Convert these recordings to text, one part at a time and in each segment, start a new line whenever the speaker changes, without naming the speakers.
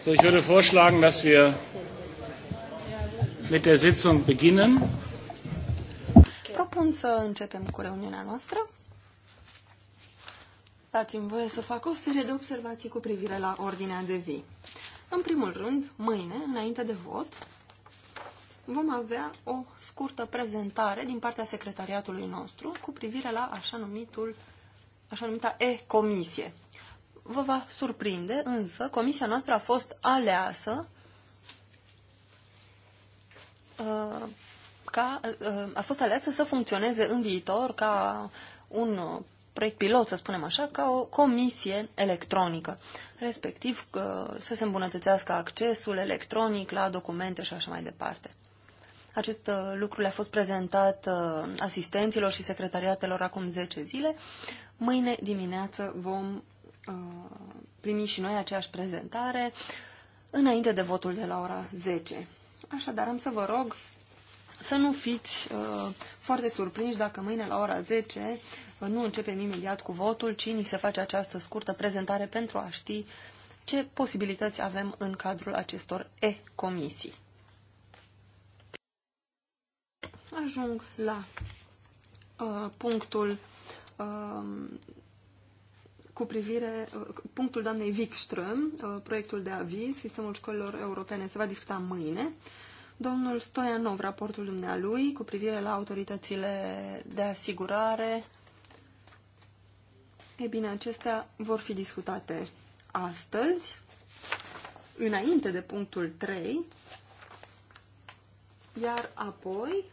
So, ich würde vorschlagen, dass wir mit der Sitzung beginnen.
Propun să începem cu reuniunea noastră. Dați-mi voie să fac o serie de observații cu privire la ordinea de zi. În primul rând, mâine, înainte de vot, vom avea o scurtă prezentare din partea secretariatului nostru cu privire la așa numitul, așa numita E-comisie, vă va surprinde, însă comisia noastră a fost aleasă uh, ca, uh, a fost aleasă să funcționeze în viitor ca un uh, proiect pilot, să spunem așa, ca o comisie electronică, respectiv să se îmbunătățească accesul electronic la documente și așa mai departe. Acest lucru le-a fost prezentat asistenților și secretariatelor acum 10 zile. Mâine dimineață vom primi și noi aceeași prezentare înainte de votul de la ora 10. Așadar, am să vă rog să nu fiți uh, foarte surprinși dacă mâine la ora 10 uh, nu începem imediat cu votul, ci ni se face această scurtă prezentare pentru a ști ce posibilități avem în cadrul acestor e-comisii. Ajung la uh, punctul uh, cu privire punctul doamnei Wikström, uh, proiectul de aviz, sistemul școlilor europene, se va discuta mâine. Domnul Stoianov, raportul dumnealui cu privire la autoritățile de asigurare. E bine, acestea vor fi discutate astăzi, înainte de punctul 3, iar apoi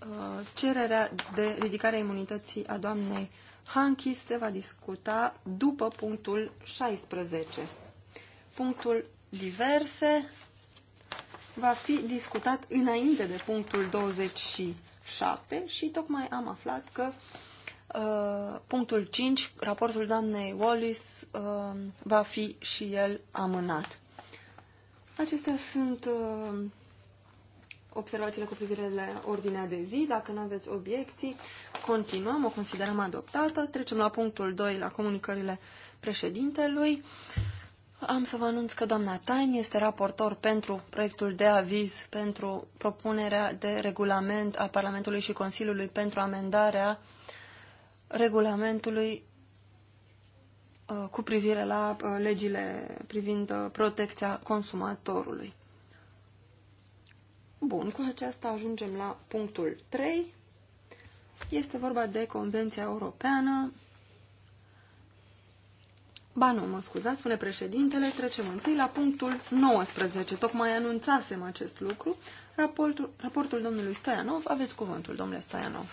uh, cererea de ridicare a imunității a doamnei Hanchi se va discuta după punctul 16. Punctul diverse va fi discutat înainte de punctul 27 și tocmai am aflat că uh, punctul 5, raportul doamnei Wallis, uh, va fi și el amânat. Acestea sunt uh, observațiile cu privire la ordinea de zi. Dacă nu aveți obiecții, continuăm, o considerăm adoptată. Trecem la punctul 2, la comunicările președintelui. Am să vă anunț că doamna Tain este raportor pentru proiectul de aviz pentru propunerea de regulament a Parlamentului și Consiliului pentru amendarea regulamentului uh, cu privire la uh, legile privind uh, protecția consumatorului. Bun, cu aceasta ajungem la punctul 3. Este vorba de Convenția Europeană. Ba nu, mă scuzați, spune președintele, trecem întâi la punctul 19. Tocmai anunțasem acest lucru. Raportul, raportul domnului Stoianov, aveți cuvântul, domnule Stoianov.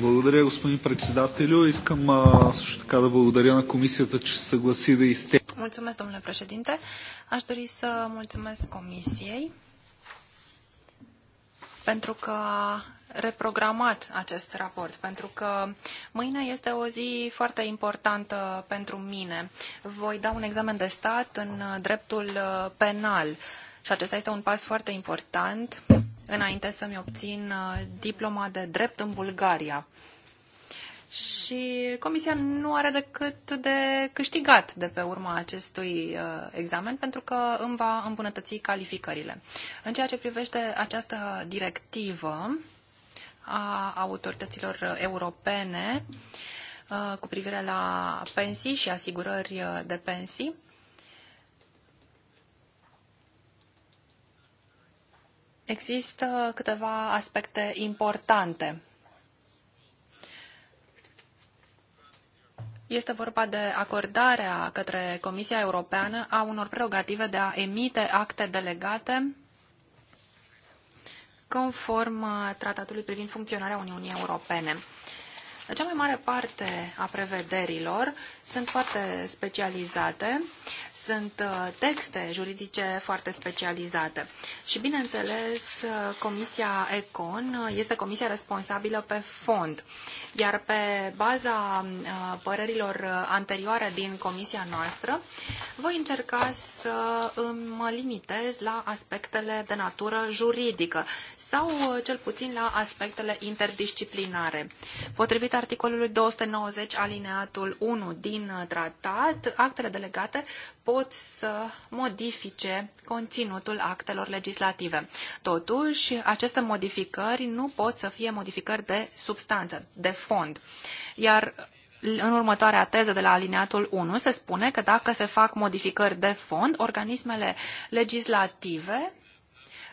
Благодаря, господин председателю. Искам а, също така да благодаря на комисията, че се съгласи да изтегли. Mulțumesc, domnule președinte. Aș dori să mulțumesc comisiei pentru că a reprogramat acest raport, pentru că mâine este o zi foarte importantă pentru mine. Voi da un examen de stat în dreptul uh, penal și acesta este un pas foarte important înainte să-mi obțin uh, diploma de drept în Bulgaria și comisia nu are decât de câștigat de pe urma acestui uh, examen pentru că îmi va îmbunătăți calificările. În ceea ce privește această directivă a autorităților europene uh, cu privire la pensii și asigurări de pensii, există câteva aspecte importante Este vorba de acordarea către Comisia Europeană a unor prerogative de a emite acte delegate conform uh, tratatului privind funcționarea Uniunii Europene. La cea mai mare parte a prevederilor sunt foarte specializate, sunt uh, texte juridice foarte specializate. Și, bineînțeles, uh, Comisia ECON uh, este comisia responsabilă pe fond, iar pe baza părerilor anterioare din comisia noastră, voi încerca să mă limitez la aspectele de natură juridică sau, cel puțin, la aspectele interdisciplinare. Potrivit articolului 290 alineatul 1 din uh, tratat, actele delegate pot să modifice conținutul actelor legislative. Totuși, aceste modificări nu pot să fie modificări de substanță, de fond. Iar uh, în următoarea teză de la alineatul 1 se spune că dacă se fac modificări de fond, organismele legislative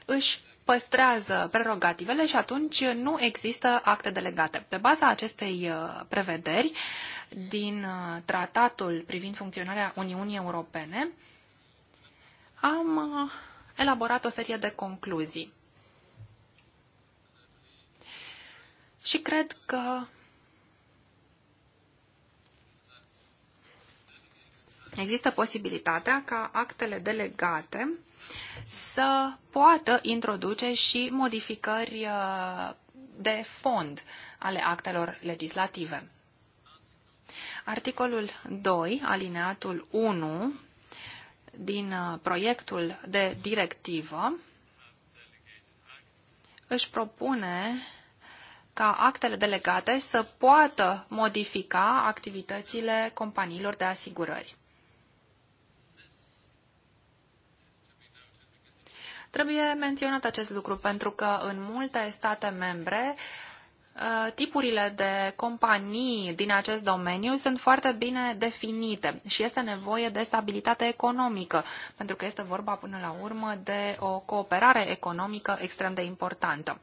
își păstrează prerogativele și atunci nu există acte delegate. Pe baza acestei uh, prevederi din uh, tratatul privind funcționarea Uniunii Europene, am uh, elaborat o serie de concluzii. Și cred că există posibilitatea ca actele delegate să poată introduce și modificări uh, de fond ale actelor legislative. Articolul 2, alineatul 1 din uh, proiectul de directivă își propune ca actele delegate să poată modifica activitățile companiilor de asigurări. Trebuie menționat acest lucru pentru că în multe state membre uh, tipurile de companii din acest domeniu sunt foarte bine definite și este nevoie de stabilitate economică, pentru că este vorba până la urmă de o cooperare economică extrem de importantă.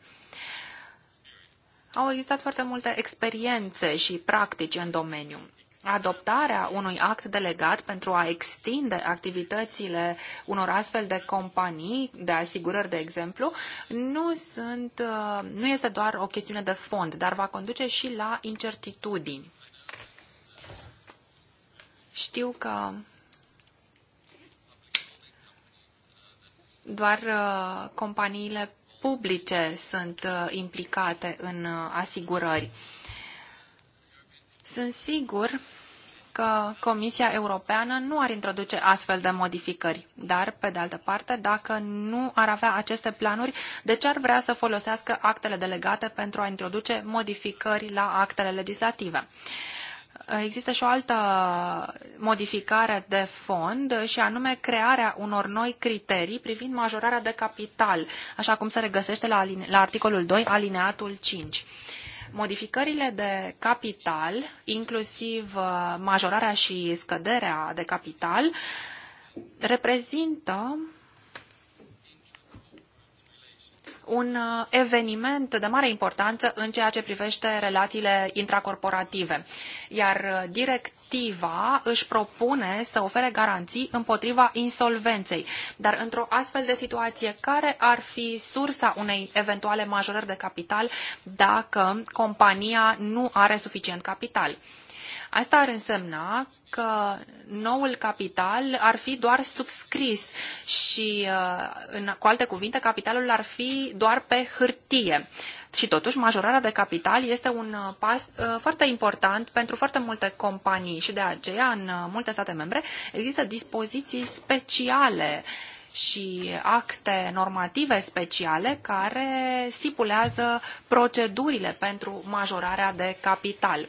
Au existat foarte multe experiențe și practici în domeniu adoptarea unui act delegat pentru a extinde activitățile unor astfel de companii, de asigurări, de exemplu, nu, sunt, uh, nu este doar o chestiune de fond, dar va conduce și la incertitudini. Știu că doar uh, companiile publice sunt uh, implicate în asigurări sunt sigur că Comisia Europeană nu ar introduce astfel de modificări, dar, pe de altă parte, dacă nu ar avea aceste planuri, de ce ar vrea să folosească actele delegate pentru a introduce modificări la actele legislative? Există și o altă modificare de fond și anume crearea unor noi criterii privind majorarea de capital, așa cum se regăsește la, la articolul 2, alineatul 5. Modificările de capital, inclusiv uh, majorarea și scăderea de capital, reprezintă un uh, eveniment de mare importanță în ceea ce privește relațiile intracorporative, iar uh, directiva își propune să ofere garanții împotriva insolvenței. Dar într-o astfel de situație, care ar fi sursa unei eventuale majorări de capital dacă compania nu are suficient capital? Asta ar însemna că noul capital ar fi doar subscris și, uh, în, cu alte cuvinte, capitalul ar fi doar pe hârtie. Și totuși, majorarea de capital este un uh, pas uh, foarte important pentru foarte multe companii și de aceea, în multe state membre, există dispoziții speciale și acte normative speciale care stipulează procedurile pentru majorarea de capital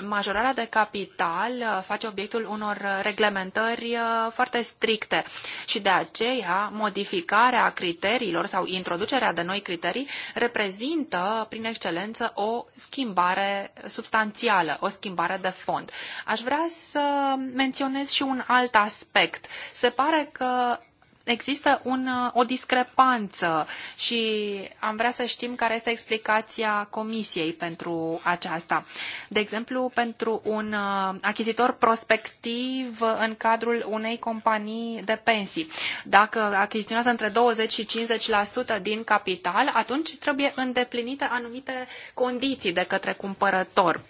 majorarea de capital uh, face obiectul unor reglementări uh, foarte stricte și de aceea modificarea criteriilor sau introducerea de noi criterii reprezintă prin excelență o schimbare substanțială, o schimbare de fond. Aș vrea să menționez și un alt aspect. Se pare că există un, uh, o discrepanță și am vrea să știm care este explicația comisiei pentru aceasta. De exemplu, pentru un uh, achizitor prospectiv în cadrul unei companii de pensii. Dacă achiziționează între 20 și 50% din capital, atunci trebuie îndeplinite anumite condiții de către cumpărător.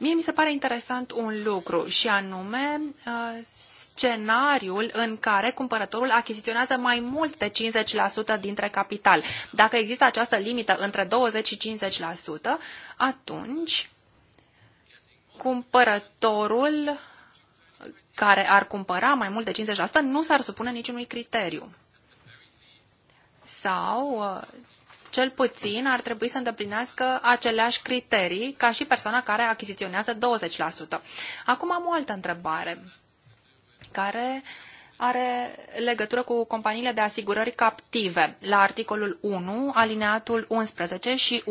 Mie mi se pare interesant un lucru și anume uh, scenariul în care cumpărătorul achiziționează mai mult de 50% dintre capital. Dacă există această limită între 20 și 50%, atunci cumpărătorul care ar cumpăra mai mult de 50% nu s-ar supune niciunui criteriu. Sau uh, cel puțin ar trebui să îndeplinească aceleași criterii ca și persoana care achiziționează 20%. Acum am o altă întrebare care are legătură cu companiile de asigurări captive, la articolul 1, alineatul 11 și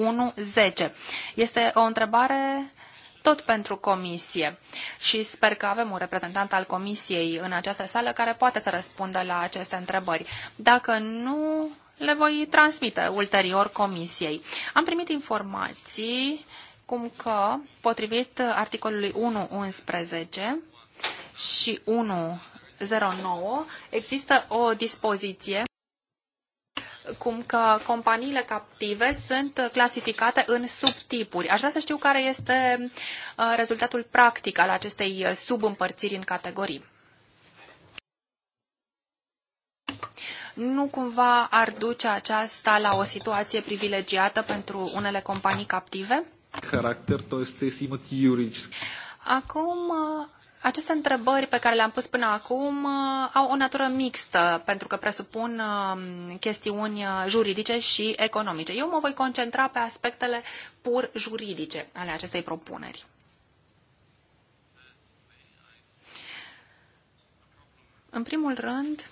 1.10. Este o întrebare tot pentru comisie și sper că avem un reprezentant al comisiei în această sală care poate să răspundă la aceste întrebări. Dacă nu, le voi transmite ulterior comisiei. Am primit informații cum că, potrivit articolului 1.11 și 1.09, există o dispoziție cum că companiile captive sunt clasificate în subtipuri. Aș vrea să știu care este uh, rezultatul practic al acestei uh, subîmpărțiri în categorii. nu cumva ar duce aceasta la o situație privilegiată pentru unele companii captive? Caracter, to este simt juridic. Acum, aceste întrebări pe care le-am pus până acum uh, au o natură mixtă, pentru că presupun um, chestiuni uh, juridice și economice. Eu mă voi concentra pe aspectele pur juridice ale acestei propuneri. În primul rând,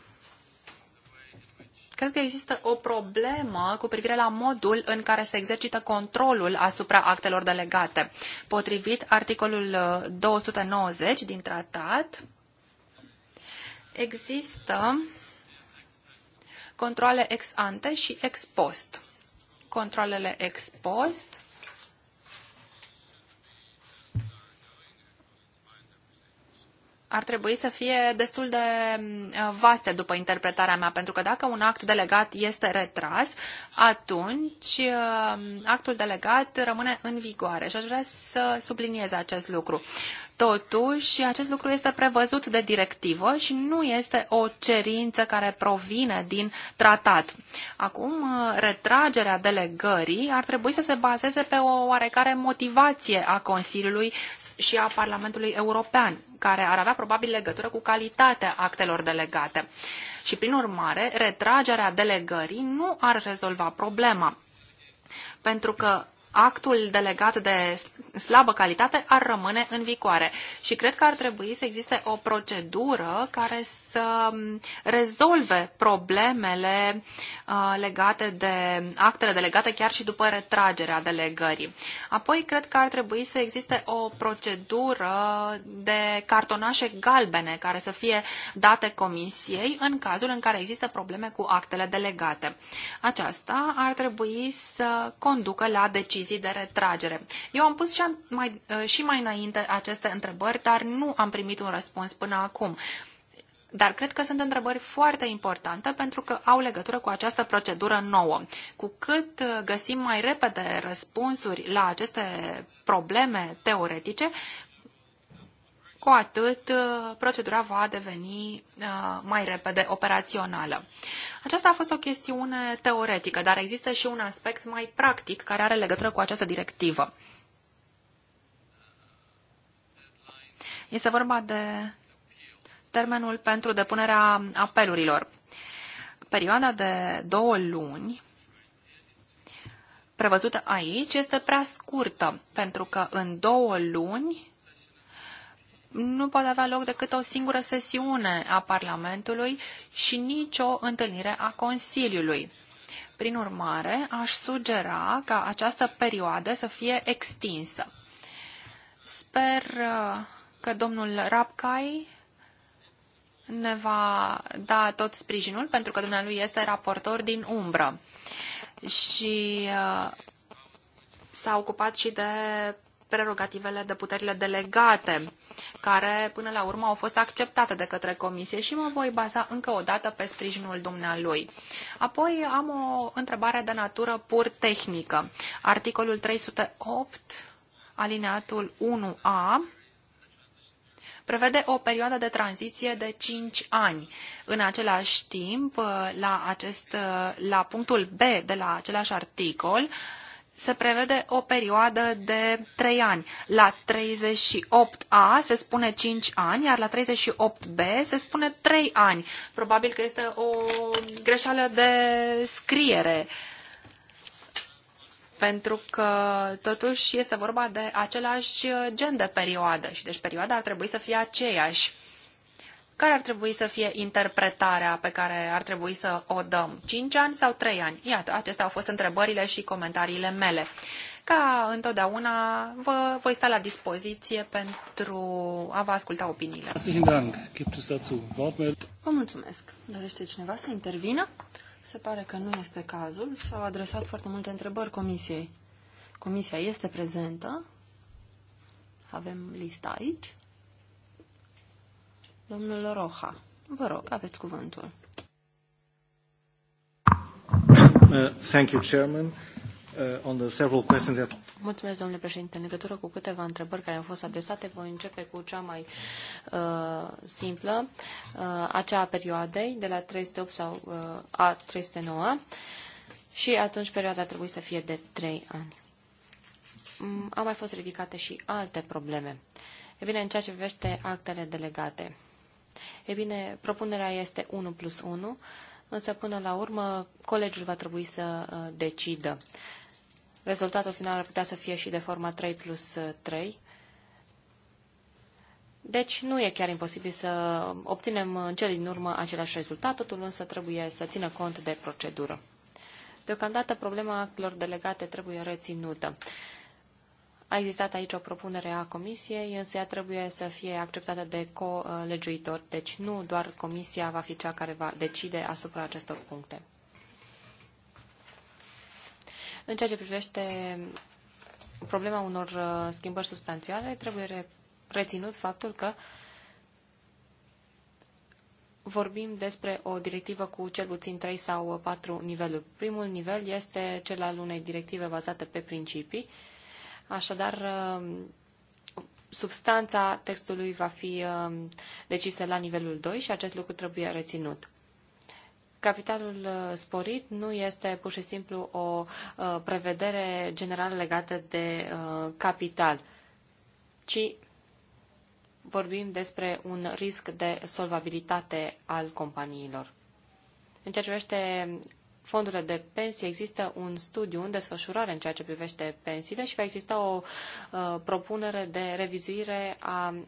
Cred că există o problemă cu privire la modul în care se exercită controlul asupra actelor delegate. Potrivit articolul 290 uh, din tratat, există controle ex ante și ex post. Controlele ex post ar trebui să fie destul de mm, vaste după interpretarea mea, pentru că dacă un act delegat este retras, atunci mm, actul delegat rămâne în vigoare și aș vrea să subliniez acest lucru. Totuși, acest lucru este prevăzut de directivă și nu este o cerință care provine din tratat. Acum, mm, retragerea delegării ar trebui să se bazeze pe o oarecare motivație a Consiliului și a Parlamentului European care ar avea probabil legătură cu calitatea actelor delegate. Și prin urmare, retragerea delegării nu ar rezolva problema. Pentru că actul delegat de slabă calitate ar rămâne în vigoare. Și cred că ar trebui să existe o procedură care să rezolve problemele uh, legate de actele delegate chiar și după retragerea delegării. Apoi, cred că ar trebui să existe o procedură de cartonașe galbene care să fie date comisiei în cazul în care există probleme cu actele delegate. Aceasta ar trebui să conducă la decizii decizii de retragere. Eu am pus și mai, uh, și mai înainte aceste întrebări, dar nu am primit un răspuns până acum. Dar cred că sunt întrebări foarte importante pentru că au legătură cu această procedură nouă. Cu cât uh, găsim mai repede răspunsuri la aceste probleme teoretice, cu atât uh, procedura va deveni uh, mai repede operațională. Aceasta a fost o chestiune teoretică, dar există și un aspect mai practic care are legătură cu această directivă. Este vorba de termenul pentru depunerea apelurilor. Perioada de două luni prevăzută aici este prea scurtă, pentru că în două luni nu poate avea loc decât o singură sesiune a Parlamentului și nicio întâlnire a Consiliului. Prin urmare, aș sugera ca această perioadă să fie extinsă. Sper uh, că domnul Rapcai ne va da tot sprijinul, pentru că dumnealui este raportor din umbră și uh, s-a ocupat și de prerogativele de puterile delegate, care până la urmă au fost acceptate de către comisie și mă voi baza încă o dată pe sprijinul dumnealui. Apoi am o întrebare de natură pur tehnică. Articolul 308, alineatul 1A, prevede o perioadă de tranziție de 5 ani. În același timp, la, acest, la punctul B de la același articol, se prevede o perioadă de 3 ani. La 38A se spune 5 ani, iar la 38B se spune 3 ani. Probabil că este o greșeală de scriere, pentru că totuși este vorba de același gen de perioadă și deci perioada ar trebui să fie aceeași. Care ar trebui să fie interpretarea pe care ar trebui să o dăm? 5 ani sau 3 ani? Iată, acestea au fost întrebările și comentariile mele. Ca întotdeauna, vă voi sta la dispoziție pentru a vă asculta opiniile.
Vă mulțumesc. Dorește cineva să intervină? Se pare că nu este cazul. S-au adresat foarte multe întrebări comisiei. Comisia este prezentă. Avem lista aici. Domnul Roha, vă rog, aveți cuvântul.
Uh, thank you, Chairman. Uh, on the several questions that... Mulțumesc, domnule președinte. În legătură cu câteva întrebări care au fost adresate, voi începe cu cea mai uh, simplă, uh, acea a perioadei de la 308 sau uh, a 309 și atunci perioada trebuie să fie de 3 ani. Mm, au mai fost ridicate și alte probleme. E bine, în ceea ce privește actele delegate. E bine, propunerea este 1 plus 1, însă până la urmă colegiul va trebui să uh, decidă. Rezultatul final ar putea să fie și de forma 3 plus 3. Uh, deci nu e chiar imposibil să obținem uh, în cel din urmă același rezultat, totul însă trebuie să țină cont de procedură. Deocamdată problema actelor delegate trebuie reținută. A existat aici o propunere a comisiei, însă ea trebuie să fie acceptată de colegiuitor, deci nu doar comisia va fi cea care va decide asupra acestor puncte. În ceea ce privește problema unor uh, schimbări substanțiale, trebuie reținut faptul că vorbim despre o directivă cu cel puțin trei sau patru niveluri. Primul nivel este cel al unei directive bazate pe principii, Așadar, um, substanța textului va fi um, decisă la nivelul 2 și acest lucru trebuie reținut. Capitalul uh, sporit nu este pur și simplu o uh, prevedere generală legată de uh, capital, ci vorbim despre un risc de solvabilitate al companiilor. În ceea ce privește fondurile de pensii, există un studiu în desfășurare în ceea ce privește pensiile și va exista o uh, propunere de revizuire a uh,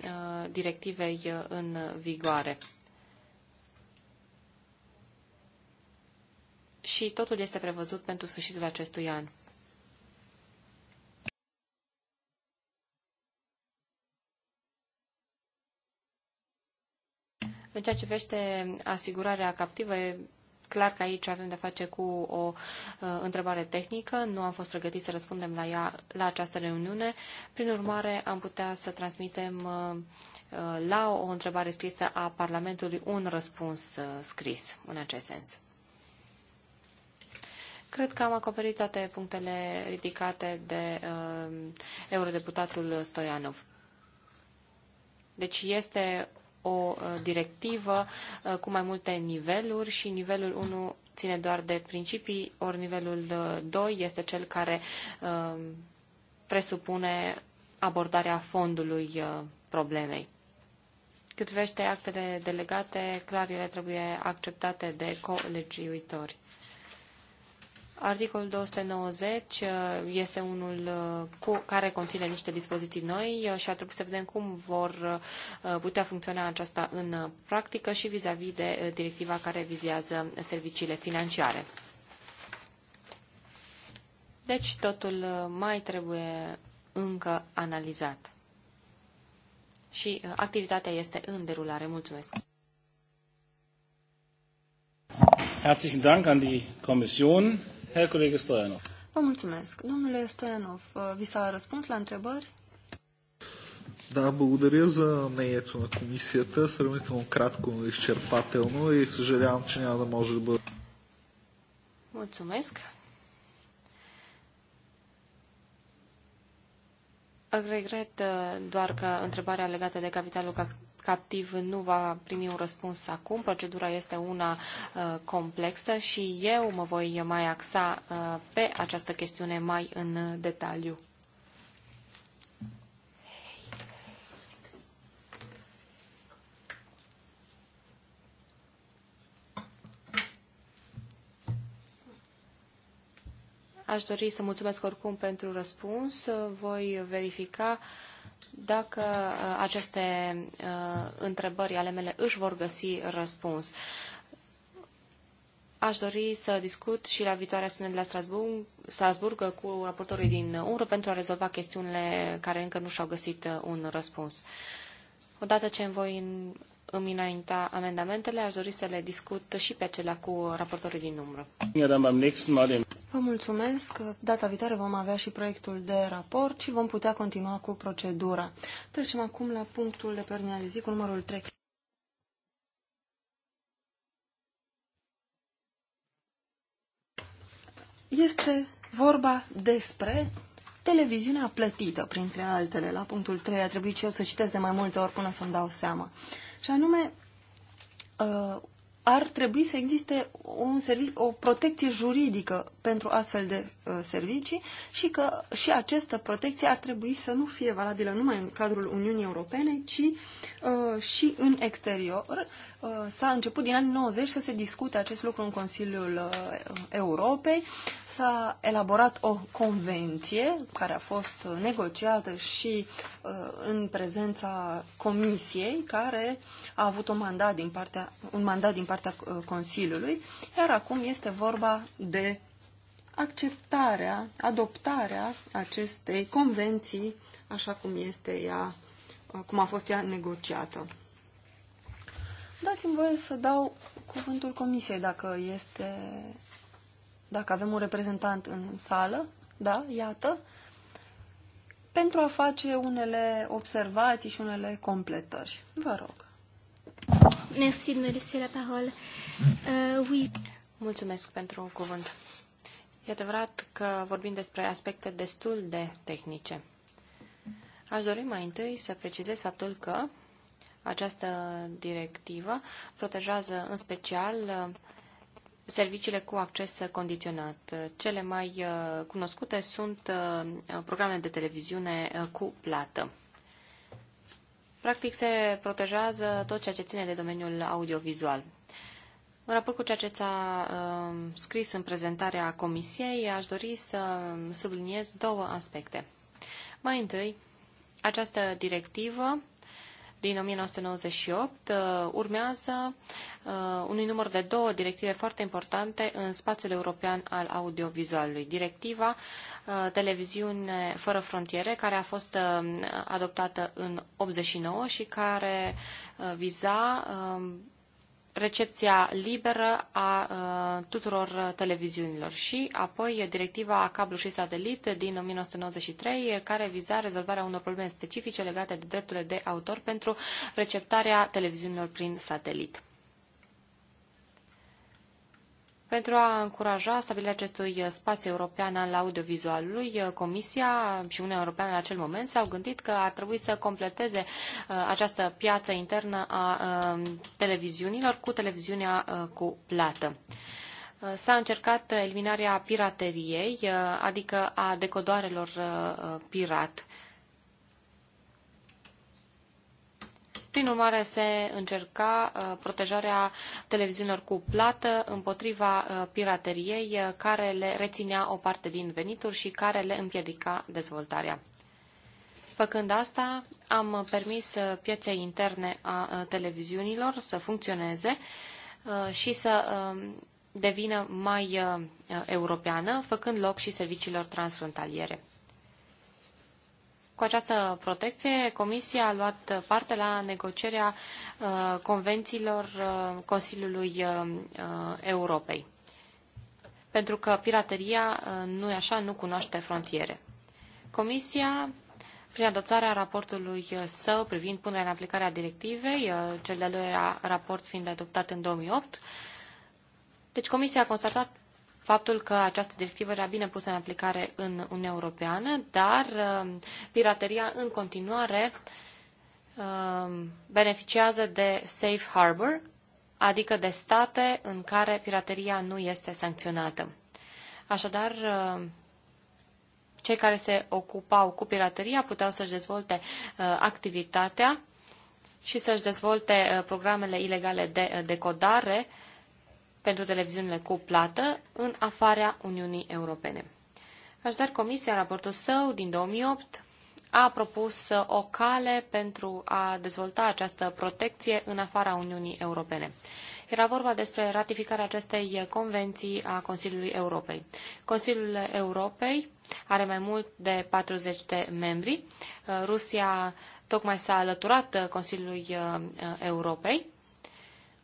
directivei uh, în vigoare. Și totul este prevăzut pentru sfârșitul acestui an. În ceea ce privește asigurarea captivă, clar că aici avem de face cu o uh, întrebare tehnică, nu am fost pregătiți să răspundem la ea la această reuniune. Prin urmare, am putea să transmitem uh, uh, la o întrebare scrisă a Parlamentului un răspuns scris în acest sens. Cred că am acoperit toate punctele ridicate de uh, eurodeputatul Stoianov. Deci este o uh, directivă uh, cu mai multe niveluri și nivelul 1 ține doar de principii, ori nivelul 2 uh, este cel care presupune abordarea fondului problemei. Cât privește actele delegate, clar ele trebuie acceptate de colegiuitori. Articolul 290 uh, este unul uh, cu, care conține niște dispoziții noi uh, și ar trebui să vedem cum vor putea funcționa aceasta în practică și vis-a-vis -vis de directiva care vizează serviciile financiare. Deci totul mai trebuie încă analizat. Și activitatea este în derulare. Mulțumesc! Herzlichen Dank an die Kommission. Herr Stoianov.
Vă mulțumesc. Domnule Stoianov, uh, vi s-a răspuns la întrebări?
Да, da, благодаря за мнението на комисията. Сравнително кратко, но изчерпателно и съжалявам, че няма да може да бъде. Mulțumesc. Regret uh, doar că întrebarea legată de capitalul captiv nu va primi un răspuns acum. Procedura este una uh, complexă și eu mă voi mai axa uh, pe această chestiune mai în uh, detaliu. Aș dori să mulțumesc oricum pentru răspuns. Voi verifica uh, dacă uh, aceste uh, întrebări ale mele își vor găsi răspuns. Aș dori să discut și la viitoarea sesiune de la Strasburg, Strasburg cu raportorii din UNRWA pentru a rezolva chestiunile care încă nu și-au găsit uh, un răspuns. Odată ce îmi voi îmi înainta amendamentele, aș dori să le discut și pe acelea cu
raportorii din umbră. Vă mulțumesc. Data viitoare vom avea și proiectul de raport și vom putea continua cu procedura. Trecem acum la punctul de pe de zi cu numărul 3. Este vorba despre televiziunea plătită, printre altele. La punctul 3 a trebuit și eu să citesc de mai multe ori până să-mi dau seama. Uh, și anume uh, ar trebui să existe un servic- o protecție juridică pentru astfel de uh, servicii și că și această protecție ar trebui să nu fie valabilă numai în cadrul Uniunii Europene, ci uh, și în exterior. Uh, s-a început din anii 90 să se discute acest lucru în Consiliul uh, Europei, s-a elaborat o convenție care a fost uh, negociată și uh, în prezența Comisiei, care a avut un mandat din partea, un mandat din partea partea uh, Consiliului, iar acum este vorba de acceptarea, adoptarea acestei convenții așa cum este ea, uh, cum a fost ea negociată. Dați-mi voie să dau cuvântul comisiei dacă este, dacă avem un reprezentant în sală, da, iată, pentru a face unele observații și unele completări. Vă rog. Merci de me laisser la parole. Uh, oui.
Mulțumesc pentru cuvânt. E adevărat că vorbim despre aspecte destul de tehnice. Aș dori mai întâi să precizez faptul că această directivă protejează în special uh, serviciile cu acces condiționat. Cele mai uh, cunoscute sunt uh, programele de televiziune cu plată. Practic se protejează tot ceea ce ține de domeniul audiovizual. În raport cu ceea ce s-a uh, scris în prezentarea comisiei, aș dori să subliniez două aspecte. Mai întâi, această directivă din 1998 uh, urmează uh, unui număr de două directive foarte importante în spațiul european al audiovizualului. Directiva Uh, televiziune Fără Frontiere, care a fost uh, adoptată în 89 și care uh, viza um, recepția liberă a tuturor televiziunilor și apoi directiva cablu și satelit din 1993 care viza rezolvarea unor probleme specifice legate de drepturile de autor pentru receptarea televiziunilor prin satelit. Pentru a încuraja stabilirea acestui spațiu european al audiovizualului, Comisia și Uniunea Europeană la acel moment s-au gândit că ar trebui să completeze uh, această piață internă a uh, televiziunilor cu televiziunea uh, cu plată. S-a încercat eliminarea pirateriei, adică a decodoarelor pirat Prin urmare, se încerca uh, protejarea televiziunilor cu plată împotriva uh, pirateriei uh, care le reținea o parte din venituri și care le împiedica dezvoltarea. Făcând asta, am permis pieței interne a televiziunilor să funcționeze și să um, devină mai europeană, făcând loc și serviciilor transfrontaliere. Cu această protecție, Comisia a luat parte la negocierea uh, convențiilor uh, Consiliului uh, Europei. Pentru că pirateria, nu e așa, nu cunoaște frontiere. Comisia prin adoptarea raportului său privind punerea în aplicare a directivei, cel de-al doilea raport fiind adoptat în 2008. Deci Comisia a constatat faptul că această directivă era bine pusă în aplicare în Uniunea Europeană, dar uh, pirateria în continuare uh, beneficiază de safe harbor, adică de state în care pirateria nu este sancționată. Așadar, uh, cei care se ocupau cu pirateria puteau să-și dezvolte activitatea și să-și dezvolte programele ilegale de decodare, pentru televiziunile cu plată în afara Uniunii Europene. Așadar, Comisia, în raportul său din 2008, a propus uh, o cale pentru a dezvolta această protecție în afara Uniunii Europene. Era vorba despre ratificarea acestei uh, convenții a Consiliului Europei. Consiliul Europei are mai mult de 40 de membri. Uh, Rusia tocmai s-a alăturat Consiliului Europei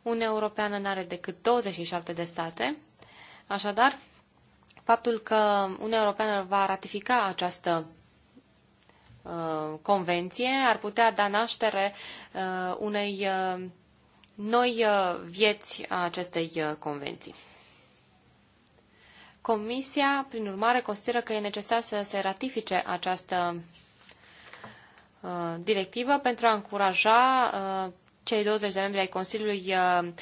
Uniunea Europeană nu are decât 27 de state, așadar, faptul că Uniunea Europeană va ratifica această uh, convenție ar putea da naștere uh, unei uh, noi uh, vieți a acestei uh, convenții. Comisia, prin urmare, consideră că e necesar să se ratifice această uh, directivă pentru a încuraja cei 20 de membri ai Consiliului uh, uh,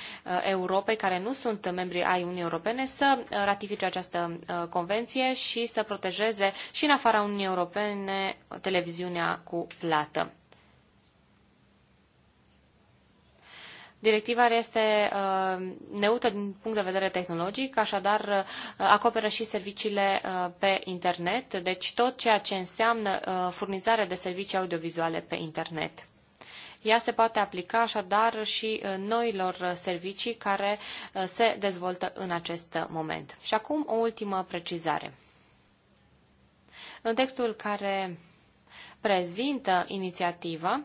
Europei, care nu sunt membri ai Uniunii Europene, să uh, ratifice această convenție și să protejeze și în afara Uniunii Europene televiziunea cu plată. Directiva este neutră din punct de vedere tehnologic, așadar acoperă și serviciile pe internet, deci tot ceea ce înseamnă furnizare de servicii audiovizuale pe internet. Ea se poate aplica așadar și uh, noilor uh, servicii care uh, se dezvoltă în acest moment. Și acum o ultimă precizare. În textul care prezintă inițiativa,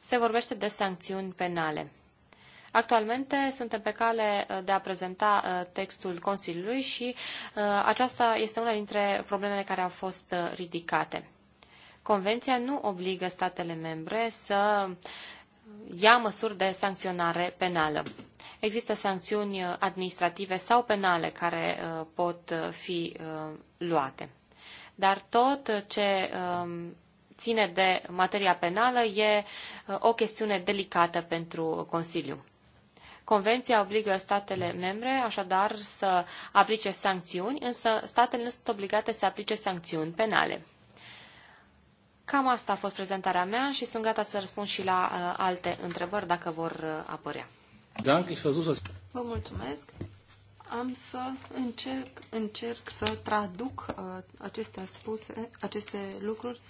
se vorbește de sancțiuni penale. Actualmente suntem pe cale de a prezenta textul Consiliului și aceasta este una dintre problemele care au fost ridicate. Convenția nu obligă statele membre să ia măsuri de sancționare penală. Există sancțiuni administrative sau penale care uh, pot uh, fi uh, luate. Dar tot ce um, ține de materia penală e o chestiune delicată pentru Consiliu. Convenția obligă statele membre, așadar, să aplice sancțiuni, însă statele nu sunt obligate să aplice sancțiuni penale. Cam asta a fost prezentarea mea și sunt gata să răspund și la uh, alte întrebări dacă vor uh, apărea.
Vă mulțumesc. Am să încerc, încerc să traduc uh, aceste spuse, aceste lucruri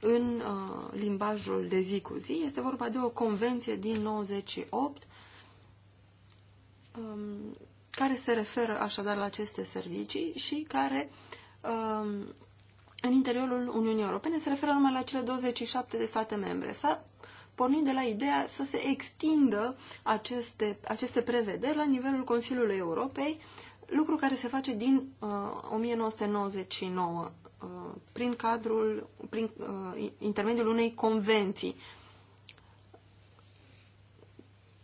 în uh, limbajul de zi cu zi. Este vorba de o convenție din 98 um, care se referă așadar la aceste servicii și care um, în interiorul Uniunii Europene se referă numai la cele 27 de state membre. S-a pornit de la ideea să se extindă aceste, aceste prevederi la nivelul Consiliului Europei, lucru care se face din uh, 1999 uh, prin cadrul, prin uh, intermediul unei convenții.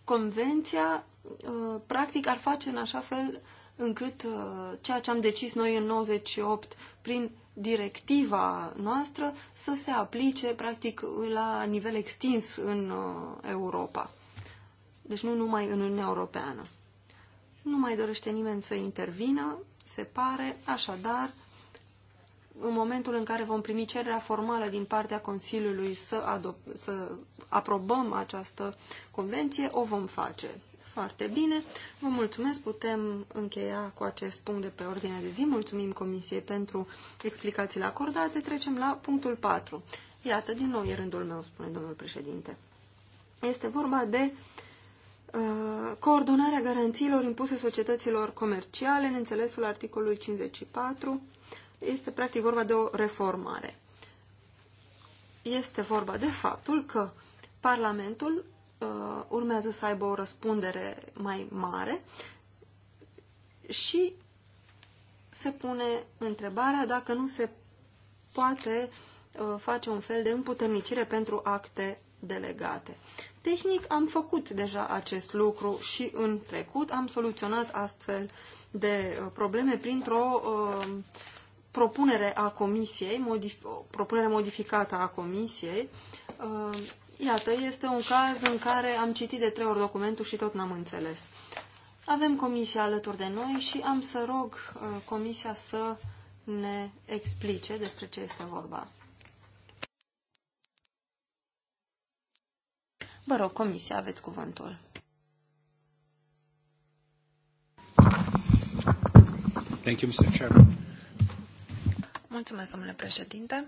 Convenția, uh, practic, ar face în așa fel uh, încât uh, ceea ce am decis noi în 98 prin directiva noastră să se aplice practic la nivel extins în uh, Europa. Deci nu numai în Uniunea Europeană. Nu mai dorește nimeni să intervină, se pare, așadar, în momentul în care vom primi cererea formală din partea Consiliului să, să aprobăm această convenție, o vom face. Foarte bine. Vă mulțumesc. Putem încheia cu acest punct de pe ordinea de zi. Mulțumim Comisiei pentru explicațiile acordate. Trecem la punctul 4. Iată, din nou e rândul meu, spune domnul președinte. Este vorba de uh, coordonarea garanțiilor impuse societăților comerciale în înțelesul articolului 54. Este practic vorba de o reformare. Este vorba de faptul că Parlamentul uh, urmează să aibă o răspundere mai mare și se pune întrebarea dacă nu se poate uh, face un fel de împuternicire pentru acte delegate. Tehnic am făcut deja acest lucru și în trecut am soluționat astfel de uh, probleme printr-o uh, propunere a comisiei, modif propunere modificată a comisiei uh, Iată, este un caz în care am citit de trei ori documentul și tot n-am înțeles. Avem comisia alături de noi și am să rog uh, comisia să ne explice despre ce este vorba. Vă rog, comisia, aveți cuvântul.
Thank you, Mr. Chairman.
Mulțumesc, domnule președinte.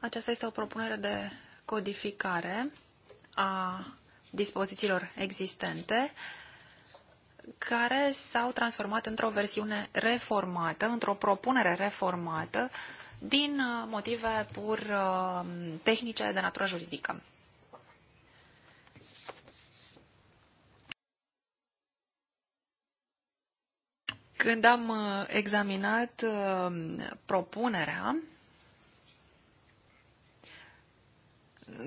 Aceasta este o propunere de codificare a dispozițiilor existente care s-au transformat într-o versiune reformată, într-o propunere reformată, din uh, motive pur uh, tehnice de natură juridică. Când am uh, examinat propunerea,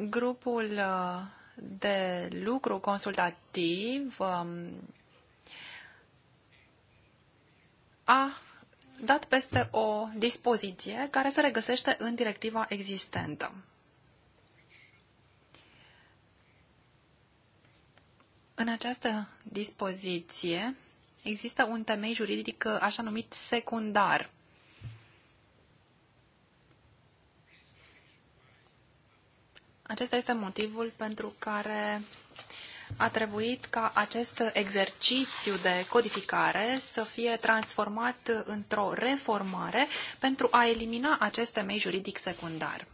Grupul uh, de lucru consultativ um, a dat peste o dispoziție care se regăsește în directiva existentă. În această dispoziție există un temei juridic uh, așa numit secundar, Acesta este motivul pentru care a trebuit ca acest exercițiu de codificare să fie transformat într-o reformare pentru a elimina acest temei juridic secundar.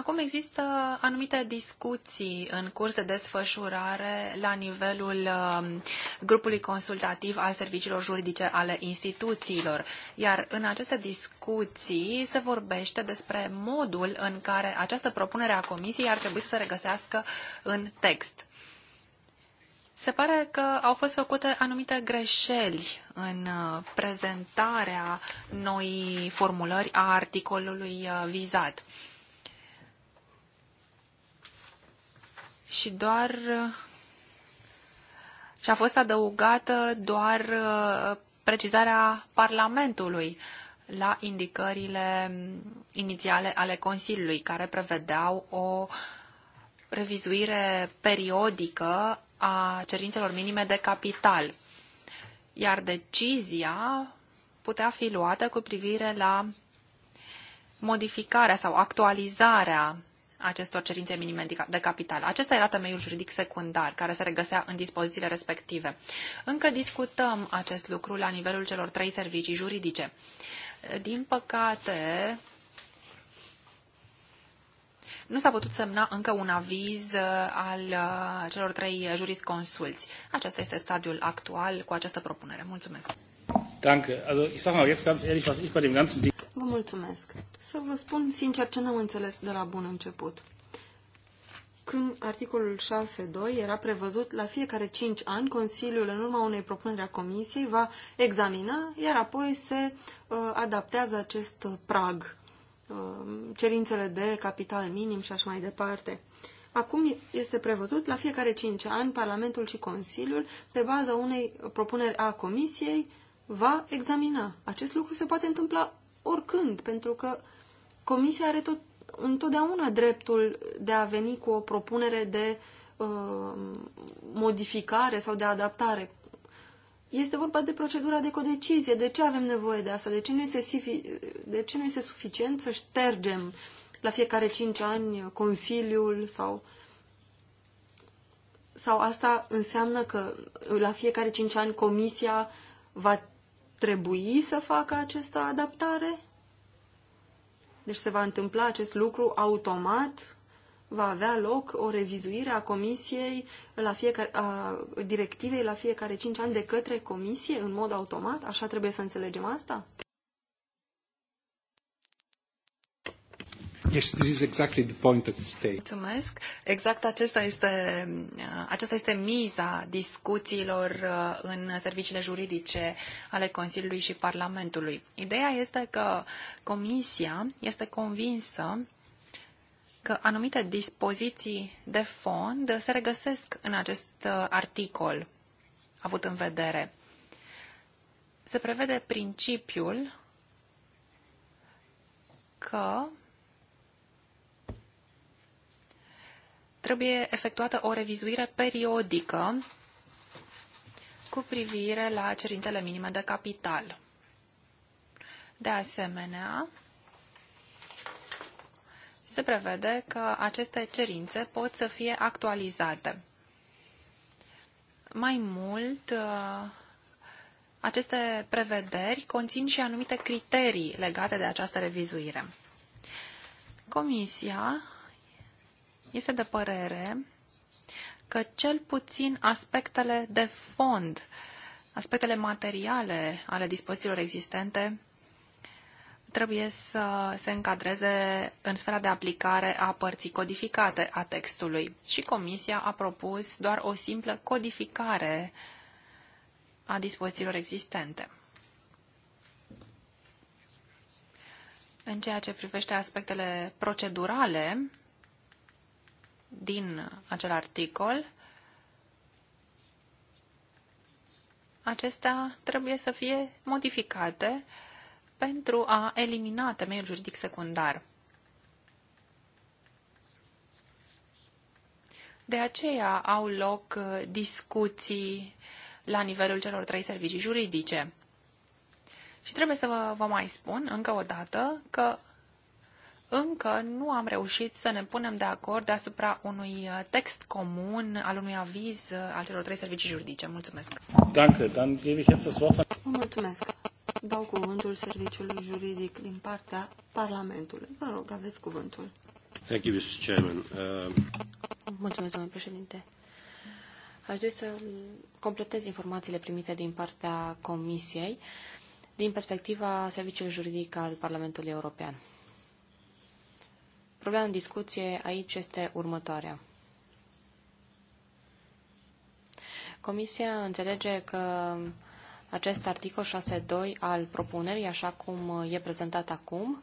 Acum există anumite discuții în curs de desfășurare la nivelul um, grupului consultativ al serviciilor juridice ale instituțiilor, iar în aceste discuții se vorbește despre modul în care această propunere a Comisiei ar trebui să se regăsească în text. Se pare că au fost făcute anumite greșeli în uh, prezentarea noii formulări a articolului uh, vizat. și doar uh, și a fost adăugată doar uh, precizarea Parlamentului la indicările mm, inițiale ale Consiliului, care prevedeau o revizuire periodică a cerințelor minime de capital, iar decizia putea fi luată cu privire la modificarea sau actualizarea acestor cerințe minime de capital. Acesta era temeiul juridic secundar care se regăsea în dispozițiile respective. Încă discutăm acest lucru la nivelul celor trei servicii juridice. Din păcate, nu s-a putut semna încă un aviz uh, al uh, celor trei jurisconsulți. Acesta este stadiul actual cu această propunere. Mulțumesc! Danke. Also ich sag mal jetzt ganz ehrlich, was ich bei dem ganzen Ding...
Vă mulțumesc. Să vă spun sincer ce n-am înțeles de la bun început. Când articolul 6.2 era prevăzut, la fiecare 5 ani, Consiliul, în urma unei propuneri a Comisiei, va examina, iar apoi se uh, adaptează acest prag, uh, cerințele de capital minim și așa mai departe. Acum este prevăzut la fiecare 5 ani Parlamentul și Consiliul, pe baza unei propuneri a Comisiei, va examina. Acest lucru se poate întâmpla oricând, pentru că Comisia are tot, întotdeauna dreptul de a veni cu o propunere de uh, modificare sau de adaptare. Este vorba de procedura de codecizie. De ce avem nevoie de asta? De ce nu este, de ce nu este suficient să ștergem la fiecare cinci ani Consiliul sau sau asta înseamnă că la fiecare cinci ani Comisia va trebui să facă această adaptare? Deci se va întâmpla acest lucru automat? Va avea loc o revizuire a comisiei la fiecare, a directivei la fiecare 5 ani de către comisie în mod automat? Așa trebuie să înțelegem asta? Yes, this is exactly the point at stake.
Mulțumesc. Exact acesta este, aceasta este miza discuțiilor uh, în serviciile juridice ale Consiliului și Parlamentului. Ideea este că Comisia este convinsă că anumite dispoziții de fond se regăsesc în acest uh, articol avut în vedere. Se prevede principiul că trebuie efectuată o revizuire periodică cu privire la cerințele minime de capital. De asemenea, se prevede că aceste cerințe pot să fie actualizate. Mai mult, uh, aceste prevederi conțin și anumite criterii legate de această revizuire. Comisia este de părere că cel puțin aspectele de fond, aspectele materiale ale dispozițiilor existente trebuie să se încadreze în sfera de aplicare a părții codificate a textului și Comisia a propus doar o simplă codificare a dispozițiilor existente. În ceea ce privește aspectele procedurale, din acel articol, acestea trebuie să fie modificate pentru a elimina temeiul juridic secundar. De aceea au loc discuții la nivelul celor trei servicii juridice. Și trebuie să vă, vă mai spun încă o dată că încă nu am reușit să ne punem de acord asupra unui uh, text comun al unui aviz uh, al celor trei servicii juridice.
Mulțumesc. Danke, dann gebe ich jetzt das Wort. Mulțumesc. Dau cuvântul serviciului juridic din partea Parlamentului. Vă rog, aveți cuvântul.
Thank you, Mr. Chairman. Uh...
Mulțumesc, domnule președinte. Aș dori să
completez informațiile primite din partea Comisiei din perspectiva Serviciului Juridic al Parlamentului European. Problema în discuție aici este următoarea. Comisia înțelege că acest articol 6.2 al propunerii, așa cum e prezentat acum,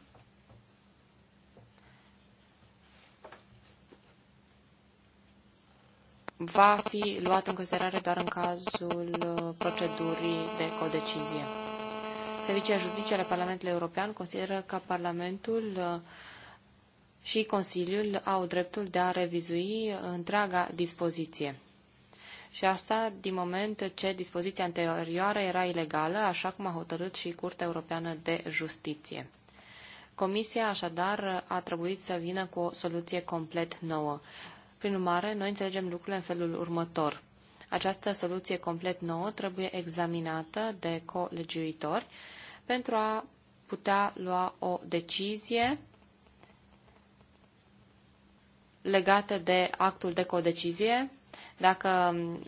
va fi luat în considerare doar în cazul procedurii de codecizie. Serviciile judiciare Parlamentului European consideră că Parlamentul și Consiliul au dreptul de a revizui întreaga dispoziție. Și asta din moment ce dispoziția anterioară era ilegală, așa cum a hotărât și Curtea Europeană de Justiție. Comisia, așadar, a trebuit să vină cu o soluție complet nouă. Prin urmare, noi înțelegem lucrurile în felul următor. Această soluție complet nouă trebuie examinată de colegiuitori pentru a putea lua o decizie legate de actul de codecizie, dacă um,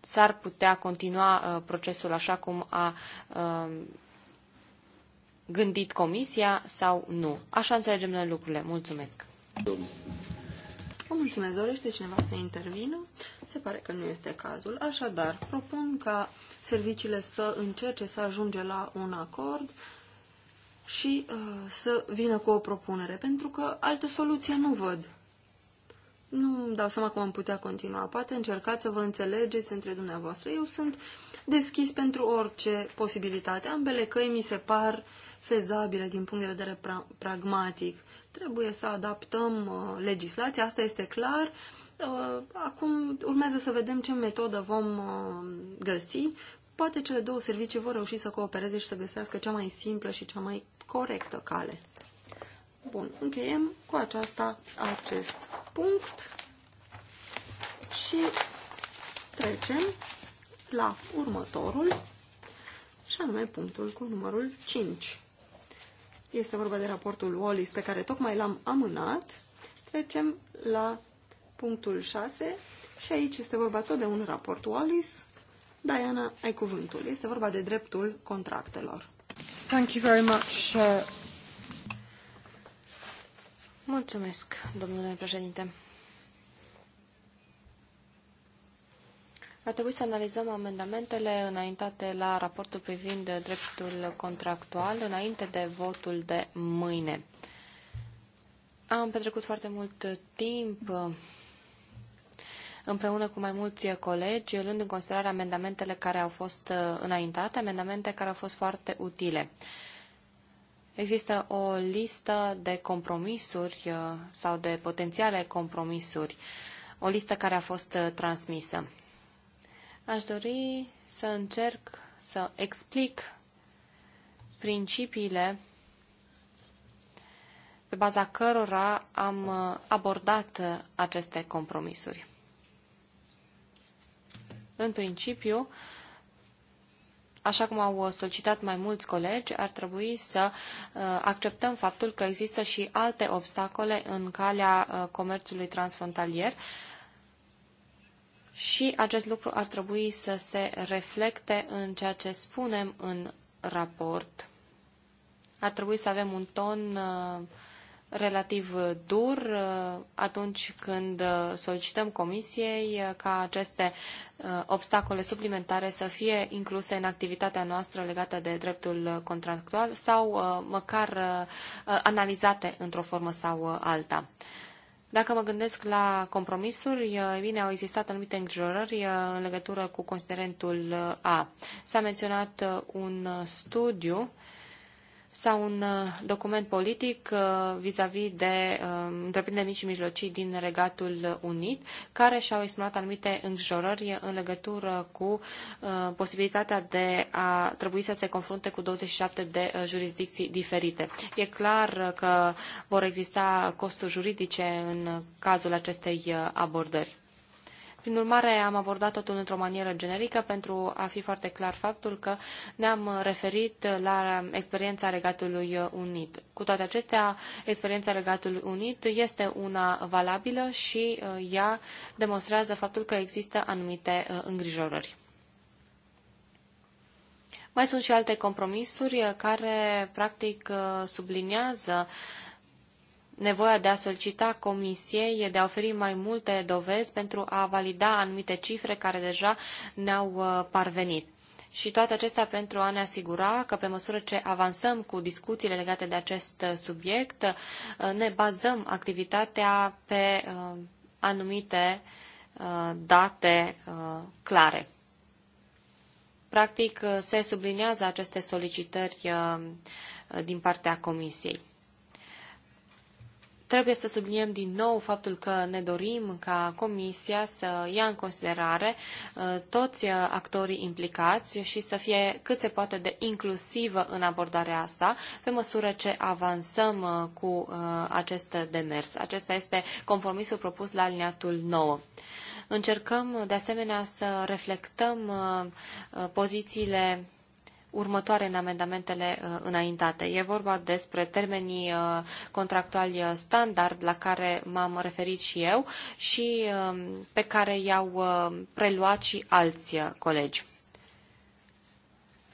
s-ar putea continua uh, procesul așa cum a um, gândit comisia sau nu. Așa înțelegem noi lucrurile. Mulțumesc.
Vă mulțumesc. Dorește cineva să intervină? Se pare că nu este cazul. Așadar, propun ca serviciile să încerce să ajunge la un acord și uh, să vină cu o propunere, pentru că altă soluție nu văd. Nu îmi dau seama cum am putea continua. Poate încercați să vă înțelegeți între dumneavoastră. Eu sunt deschis pentru orice posibilitate. Ambele căi mi se par fezabile din punct de vedere pra- pragmatic. Trebuie să adaptăm uh, legislația, asta este clar. Uh, acum urmează să vedem ce metodă vom uh, găsi. Poate cele două servicii vor reuși să coopereze și să găsească cea mai simplă și cea mai corectă cale. Bun, încheiem cu aceasta acest punct și trecem la următorul și anume punctul cu numărul 5. Este vorba de raportul Wallis pe care tocmai l-am amânat. Trecem la punctul 6 și aici este vorba tot de un raport Wallis. Diana, ai cuvântul. Este vorba de dreptul contractelor. Thank you very
much, uh... Mulțumesc, domnule președinte. Ar trebui să analizăm amendamentele înaintate la raportul privind dreptul contractual înainte de votul de mâine. Am petrecut foarte mult timp împreună cu mai mulți colegi, luând în considerare amendamentele care au fost înaintate, amendamente care au fost foarte utile. Există o listă de compromisuri uh, sau de potențiale compromisuri, o listă care a fost uh, transmisă. Aș dori să încerc să explic principiile pe baza cărora am uh, abordat aceste compromisuri. În principiu, Așa cum au uh, solicitat mai mulți colegi, ar trebui să uh, acceptăm faptul că există și alte obstacole în calea uh, comerțului transfrontalier și acest lucru ar trebui să se reflecte în ceea ce spunem în raport. Ar trebui să avem un ton uh, relativ uh, dur uh, atunci când uh, solicităm comisiei ca aceste obstacole suplimentare să fie incluse în activitatea noastră legată de dreptul contractual sau măcar analizate într-o formă sau alta. Dacă mă gândesc la compromisuri, bine, au existat anumite îngrijorări în legătură cu considerentul A. S-a menționat un studiu sau un uh, document politic uh, vis-a-vis de uh, întreprinderi mici și mijlocii din Regatul Unit, care și-au exprimat anumite îngrijorări în legătură cu posibilitatea de a trebui să se confrunte cu 27 de jurisdicții diferite. E clar că vor exista costuri juridice în cazul acestei abordări. Prin urmare, am abordat totul într-o manieră generică pentru a fi foarte clar faptul că ne-am referit la experiența Regatului Unit. Cu toate acestea, experiența Regatului Unit este una valabilă și uh, ea demonstrează faptul că există anumite uh, îngrijorări. Mai sunt și alte compromisuri uh, care, practic, subliniază uh, nevoia de a solicita comisiei de a oferi mai multe dovezi pentru a valida anumite cifre care deja ne-au uh, parvenit. Și toate acestea pentru a ne asigura că pe măsură ce avansăm cu discuțiile legate de acest uh, subiect, uh, ne bazăm activitatea pe anumite date clare. Practic, se subliniază aceste solicitări din partea Comisiei. Trebuie să subliniem din nou faptul că ne dorim ca Comisia să ia în considerare uh, toți uh, actorii implicați și să fie cât se poate de inclusivă în abordarea asta, pe măsură ce avansăm uh, cu acest demers. Acesta este compromisul propus la aliniatul 9. Încercăm, de asemenea, să reflectăm pozițiile următoare în amendamentele uh, înaintate. E vorba despre termenii uh, contractuali standard la care m-am referit și eu și um, pe care i-au uh, preluat și alți colegi.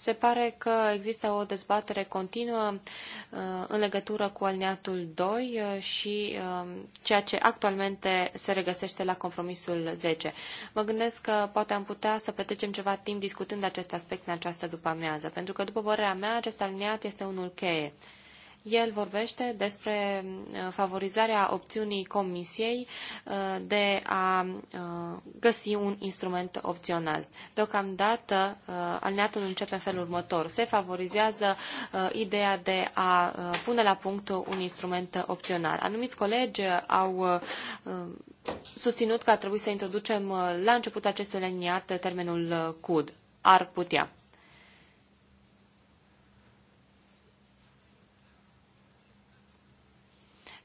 Se pare că există o dezbatere continuă uh, în legătură cu alineatul 2 uh, și um, ceea ce actualmente se regăsește la compromisul 10. Mă gândesc că poate am putea să petrecem ceva timp discutând acest aspect în această după-amiază, pentru că, după părerea mea, acest alineat este unul cheie. El vorbește despre uh, favorizarea opțiunii Comisiei uh, de a uh, găsi un instrument opțional. Deocamdată, alineatul începe în felul următor. Se favorizează ideea de a pune la punct un instrument opțional. Anumiți colegi au susținut că ar trebui să introducem la începutul acestui aliniat termenul CUD. Ar putea.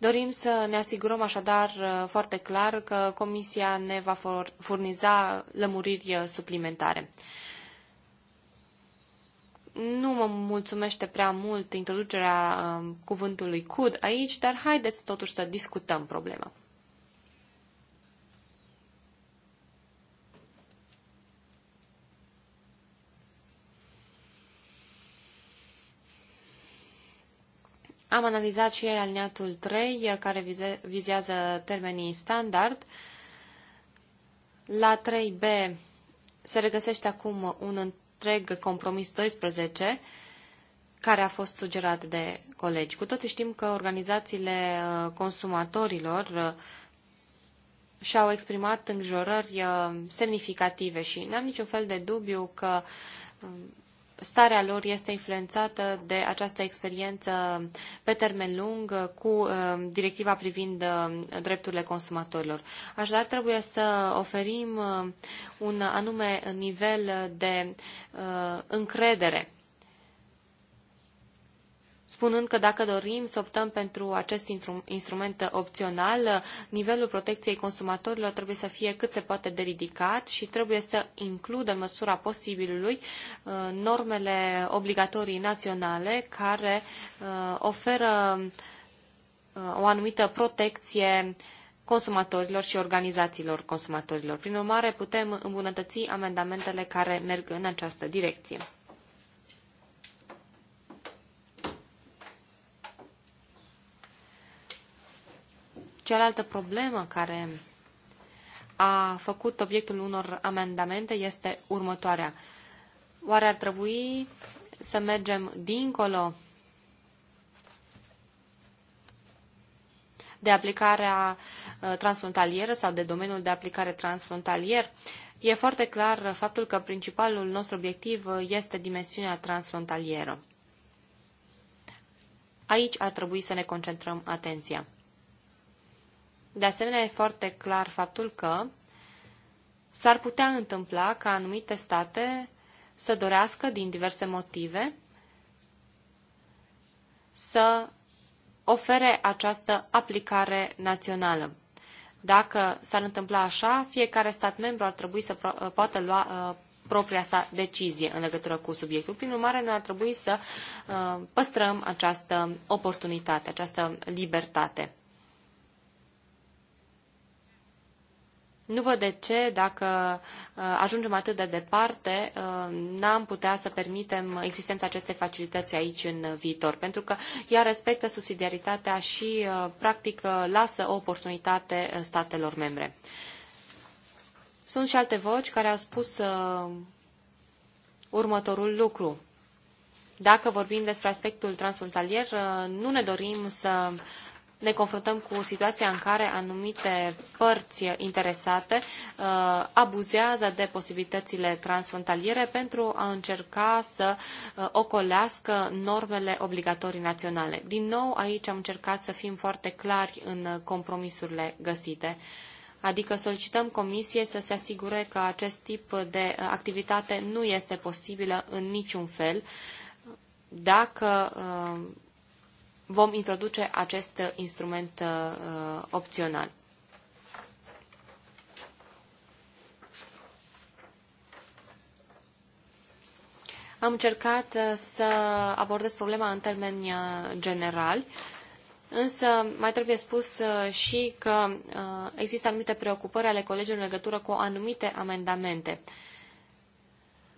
Dorim să ne asigurăm așadar uh, foarte clar că Comisia ne va furniza lămuriri uh, suplimentare. Nu mă mulțumește prea mult introducerea uh, cuvântului could aici, dar haideți totuși să discutăm problema. Am analizat și alineatul 3, eh, care vizează termenii standard. La 3b se regăsește acum un întreg compromis 12, care a fost sugerat de colegi. Cu toții știm că organizațiile eh, consumatorilor eh, și-au exprimat îngrijorări semnificative și n-am niciun fel de dubiu că starea lor este influențată de această experiență pe termen lung cu uh, directiva privind uh, drepturile consumatorilor. Așadar, trebuie să oferim uh, un anume nivel de încredere spunând că dacă dorim să optăm pentru acest instrument opțional, nivelul protecției consumatorilor trebuie să fie cât se poate de ridicat și trebuie să includă în măsura posibilului uh, normele obligatorii naționale care uh, oferă uh, o anumită protecție consumatorilor și organizațiilor consumatorilor. Prin urmare, putem îmbunătăți amendamentele care merg în această direcție. Cealaltă problemă care a făcut obiectul unor amendamente este următoarea. Oare ar trebui să mergem dincolo de aplicarea uh, transfrontalieră sau de domeniul de aplicare transfrontalier? E foarte clar faptul că principalul nostru obiectiv uh, este dimensiunea transfrontalieră. Aici ar trebui să ne concentrăm atenția. De asemenea, e foarte clar faptul că s-ar putea întâmpla ca anumite state să dorească, din diverse motive, să ofere această aplicare națională. Dacă s-ar întâmpla așa, fiecare stat membru ar trebui să uh, poată lua uh, propria sa decizie în legătură cu subiectul. Prin urmare, noi ar trebui să uh, păstrăm această oportunitate, această libertate. Nu văd de ce, dacă uh, ajungem atât de departe, uh, n-am putea să permitem existența acestei facilități aici în viitor, pentru că ea respectă subsidiaritatea și, uh, practic, lasă o oportunitate statelor membre. Sunt și alte voci care au spus următorul lucru. Dacă vorbim despre aspectul transfrontalier, nu ne dorim să ne confruntăm cu situația în care anumite părți interesate uh, abuzează de posibilitățile transfrontaliere pentru a încerca să uh, ocolească normele obligatorii naționale. Din nou, aici am încercat să fim foarte clari în compromisurile găsite adică solicităm Comisiei să se asigure că acest tip de uh, activitate nu este posibilă în niciun fel dacă uh, vom introduce acest instrument uh, uh, opțional. Am încercat uh, să abordez problema în termeni generali, însă mai trebuie spus și că există anumite preocupări ale colegilor în legătură cu anumite amendamente.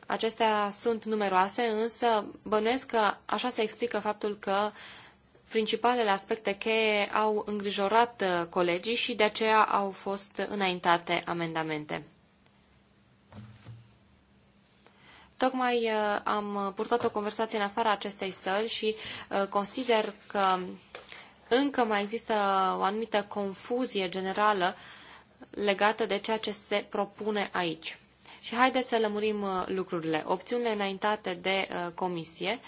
Acestea sunt numeroase, însă bănuiesc că așa se explică faptul că uh, principalele aspecte cheie au îngrijorat uh, colegii și de aceea au fost înaintate amendamente. Tocmai uh, am purtat o conversație în afara acestei săli și uh, consider că încă mai există o anumită confuzie generală legată de ceea ce se propune aici. Și haideți să lămurim lucrurile. Opțiunile înaintate de comisie uh,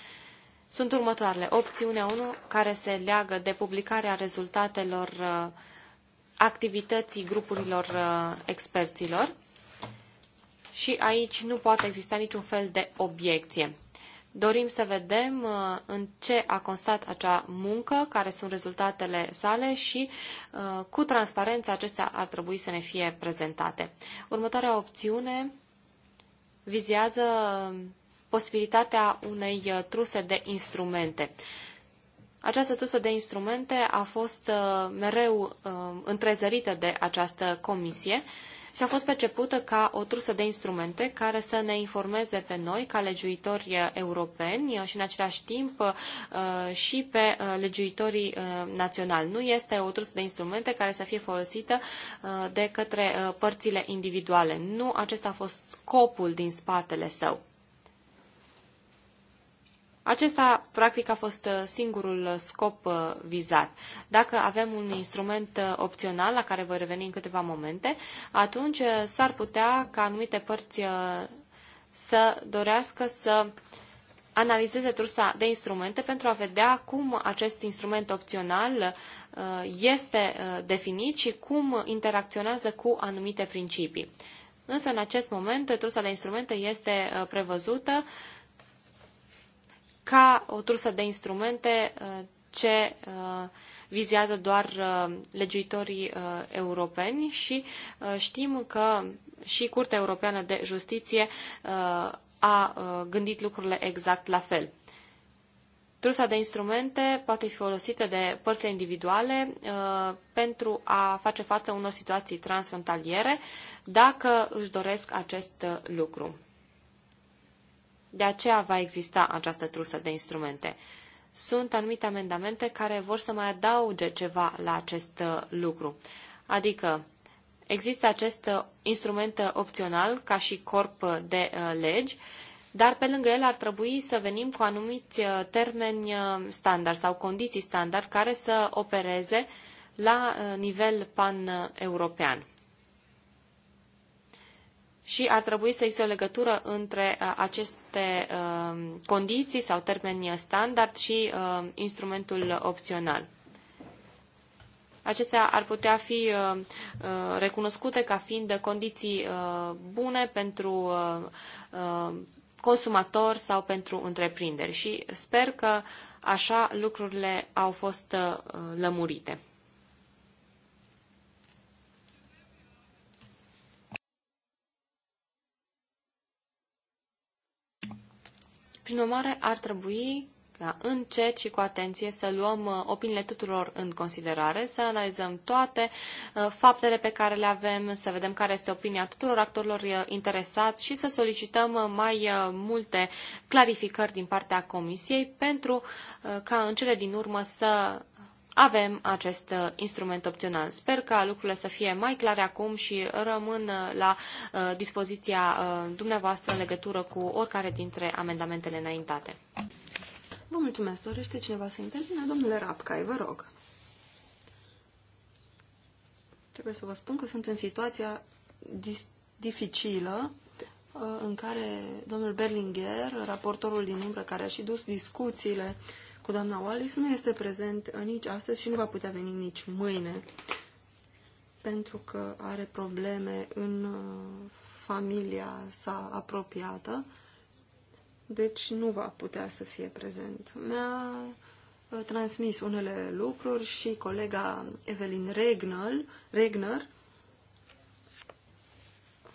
sunt următoarele. Opțiunea 1, care se leagă de publicarea rezultatelor uh, activității grupurilor uh, experților și aici nu poate exista niciun fel de obiecție. Dorim să vedem uh, în ce a constat acea muncă, care sunt rezultatele sale și cu transparență acestea ar trebui să ne fie prezentate. Următoarea opțiune vizează posibilitatea unei uh, truse de instrumente. Această trusă de instrumente a fost uh, mereu uh, întrezărită de această comisie și a fost percepută ca o trusă de instrumente care să ne informeze pe noi, ca legiuitori europeni și în același timp și pe legiuitorii naționali. Nu este o trusă de instrumente care să fie folosită de către părțile individuale. Nu acesta a fost scopul din spatele său. Acesta, practic, a fost uh, singurul uh, scop uh, vizat. Dacă avem un instrument opțional, la care voi reveni în câteva momente, atunci s-ar putea ca anumite părți să dorească să analizeze trusa de instrumente pentru a vedea cum acest instrument opțional este definit și cum interacționează cu anumite principii. Însă, în acest moment, trusa de instrumente este prevăzută uh, ca o trusă de instrumente uh, ce uh, vizează doar uh, legiuitorii europeni și știm că și Curtea Europeană de Justiție a gândit lucrurile exact la fel. Trusa de instrumente poate fi folosită de părțile individuale uh, pentru a face față unor situații transfrontaliere dacă își doresc acest lucru. De aceea va exista această trusă de instrumente. Sunt anumite amendamente care vor să mai adauge ceva la acest uh, lucru. Adică există acest uh, instrument uh, opțional ca și corp de legi, dar pe lângă el ar trebui să venim cu anumiți termeni standard sau condiții standard care să opereze la nivel pan-european și ar trebui să existe o legătură între uh, aceste uh, condiții sau termeni standard și uh, instrumentul opțional. Acestea ar putea fi recunoscute ca fiind condiții bune pentru consumator sau pentru întreprinderi și sper că așa lucrurile au fost lămurite. Prin urmare, ar trebui ca încet și cu atenție să luăm uh, opiniile tuturor în considerare, să analizăm toate uh, faptele pe care le avem, să vedem care este opinia tuturor actorilor uh, interesați și să solicităm mai multe clarificări din partea Comisiei pentru ca în cele din urmă să avem acest uh, instrument opțional. Sper ca lucrurile să fie mai clare acum și rămân uh, la uh, dispoziția dumneavoastră în legătură cu oricare dintre amendamentele înaintate.
Vă mulțumesc. Dorește cineva să intervine? Domnule Rapcai, vă rog. Trebuie să vă spun că sunt în situația dificilă în care domnul Berlinger, raportorul din umbră care a și dus discuțiile cu doamna Wallis nu este prezent nici astăzi și nu va putea veni nici mâine pentru că are probleme în uh, familia sa apropiată, deci nu va putea să fie prezent. Mi-a uh, transmis unele lucruri și colega Evelyn Regner, Regner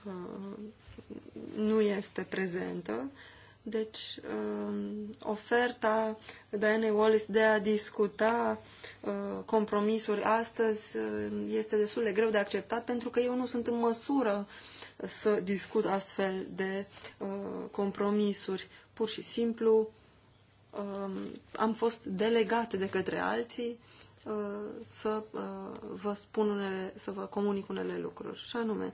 uh, nu este prezentă deci, um, oferta Diana Wallace de a discuta uh, compromisuri astăzi uh, este destul de greu de acceptat pentru că eu nu sunt în măsură să discut astfel de uh, compromisuri. Pur și simplu um, am fost delegat de către alții să vă spun unele, să vă comunic unele lucruri. Și anume,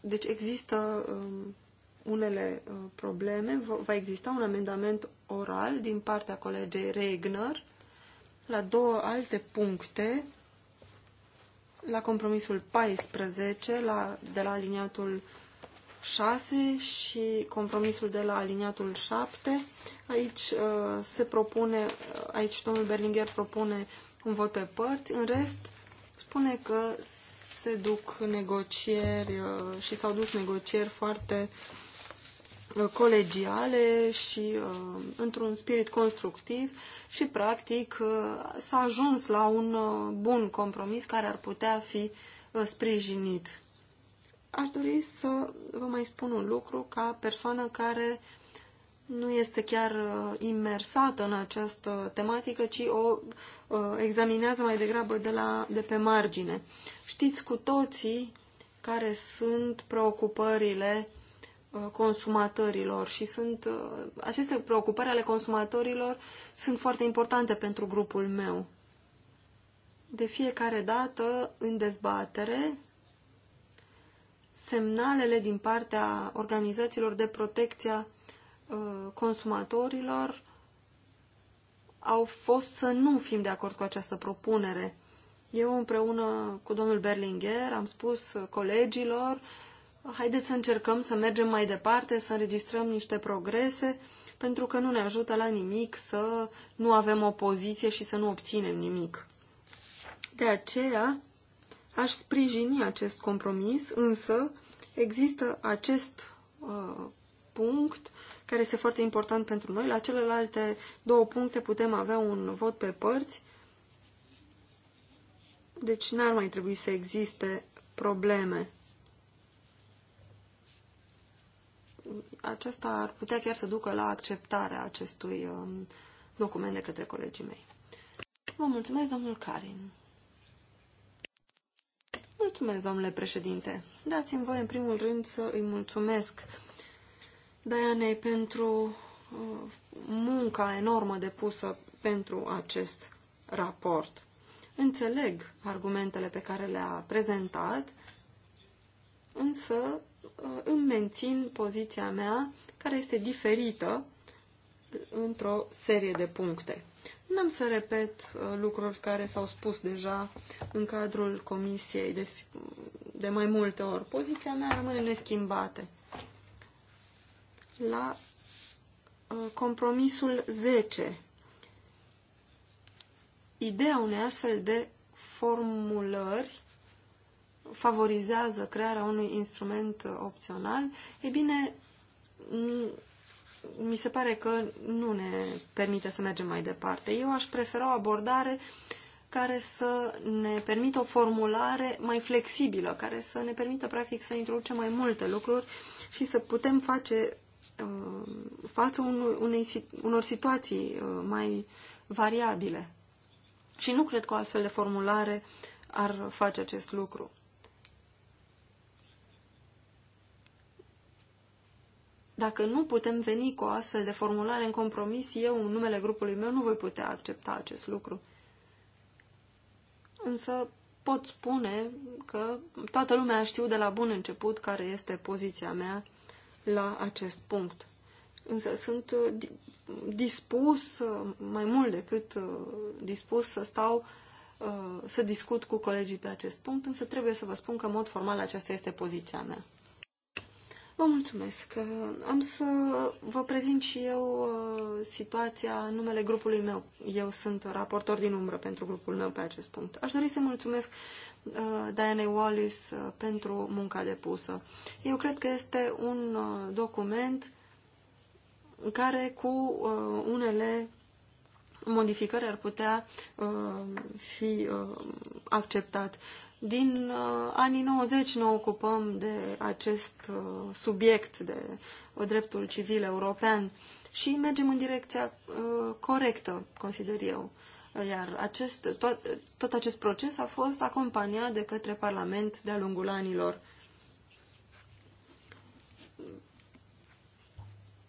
Deci există um, unele uh, probleme. Va exista un amendament oral din partea colegei Regner la două alte puncte, la compromisul 14, la, de la aliniatul 6 și compromisul de la aliniatul 7. Aici uh, se propune, uh, aici domnul Berlinger propune un vot pe părți, în rest spune că se duc negocieri uh, și s-au dus negocieri foarte uh, colegiale și uh, într-un spirit constructiv și practic s-a ajuns la un bun compromis care ar putea fi sprijinit. Aș dori să vă mai spun un lucru ca persoană care nu este chiar uh, imersată în această tematică, ci o uh, examinează mai degrabă de, la, de pe margine. Știți cu toții care sunt preocupările uh, consumatorilor și sunt aceste preocupări ale consumatorilor sunt foarte importante pentru grupul meu. De fiecare dată în dezbatere semnalele din partea organizațiilor de protecția Uh, consumatorilor au fost să nu fim de acord cu această propunere. Eu împreună cu domnul Berlinger am spus colegilor, haideți să încercăm să mergem mai departe, să înregistrăm niște progrese, pentru că nu ne ajută la nimic să nu avem opoziție și să nu obținem nimic. De aceea aș sprijini acest compromis, însă există acest uh, punct care este foarte important pentru noi. La celelalte două puncte putem avea un vot pe părți. Deci n-ar mai trebui să existe probleme. Aceasta ar putea chiar să ducă la acceptarea acestui um, document de către colegii mei. Vă mulțumesc, domnul Karin. Mulțumesc, domnule președinte. Dați-mi voi, în primul rând, să îi mulțumesc Daiane, pentru uh, munca enormă depusă pentru acest raport. Înțeleg argumentele pe care le-a prezentat, însă uh, îmi mențin poziția mea, care este diferită într-o serie de puncte. Nu am să repet uh, lucruri care s-au spus deja în cadrul comisiei de, de mai multe ori. Poziția mea rămâne neschimbată la uh, compromisul 10. Ideea unei astfel de formulări favorizează crearea unui instrument uh, opțional, e bine, mi se pare că nu ne permite să mergem mai departe. Eu aș prefera o abordare care să ne permită o formulare mai flexibilă, care să ne permită, practic, să introducem mai multe lucruri și să putem face Uh, față unei, unor situații uh, mai variabile. Și nu cred că o astfel de formulare ar face acest lucru. Dacă nu putem veni cu o astfel de formulare în compromis, eu, în numele grupului meu, nu voi putea accepta acest lucru. Însă pot spune că toată lumea știu de la bun început care este poziția mea la acest punct. Însă sunt uh, dispus, uh, mai mult decât uh, dispus, să stau să discut cu colegii pe acest punct, însă trebuie să vă spun că, în mod formal, aceasta este poziția mea. Vă mulțumesc. Am să vă prezint și eu situația în numele grupului meu. Eu sunt raportor din umbră pentru grupul meu pe acest punct. Aș dori să mulțumesc Uh, Diane Wallis uh, pentru munca depusă. Eu cred că este un uh, document care cu unele modificări ar putea fi acceptat. Din anii 90 ne ocupăm de acest subiect, de dreptul civil european și mergem în direcția corectă, consider eu. Iar acest, tot, tot acest proces a fost acompaniat de către Parlament de-a lungul anilor.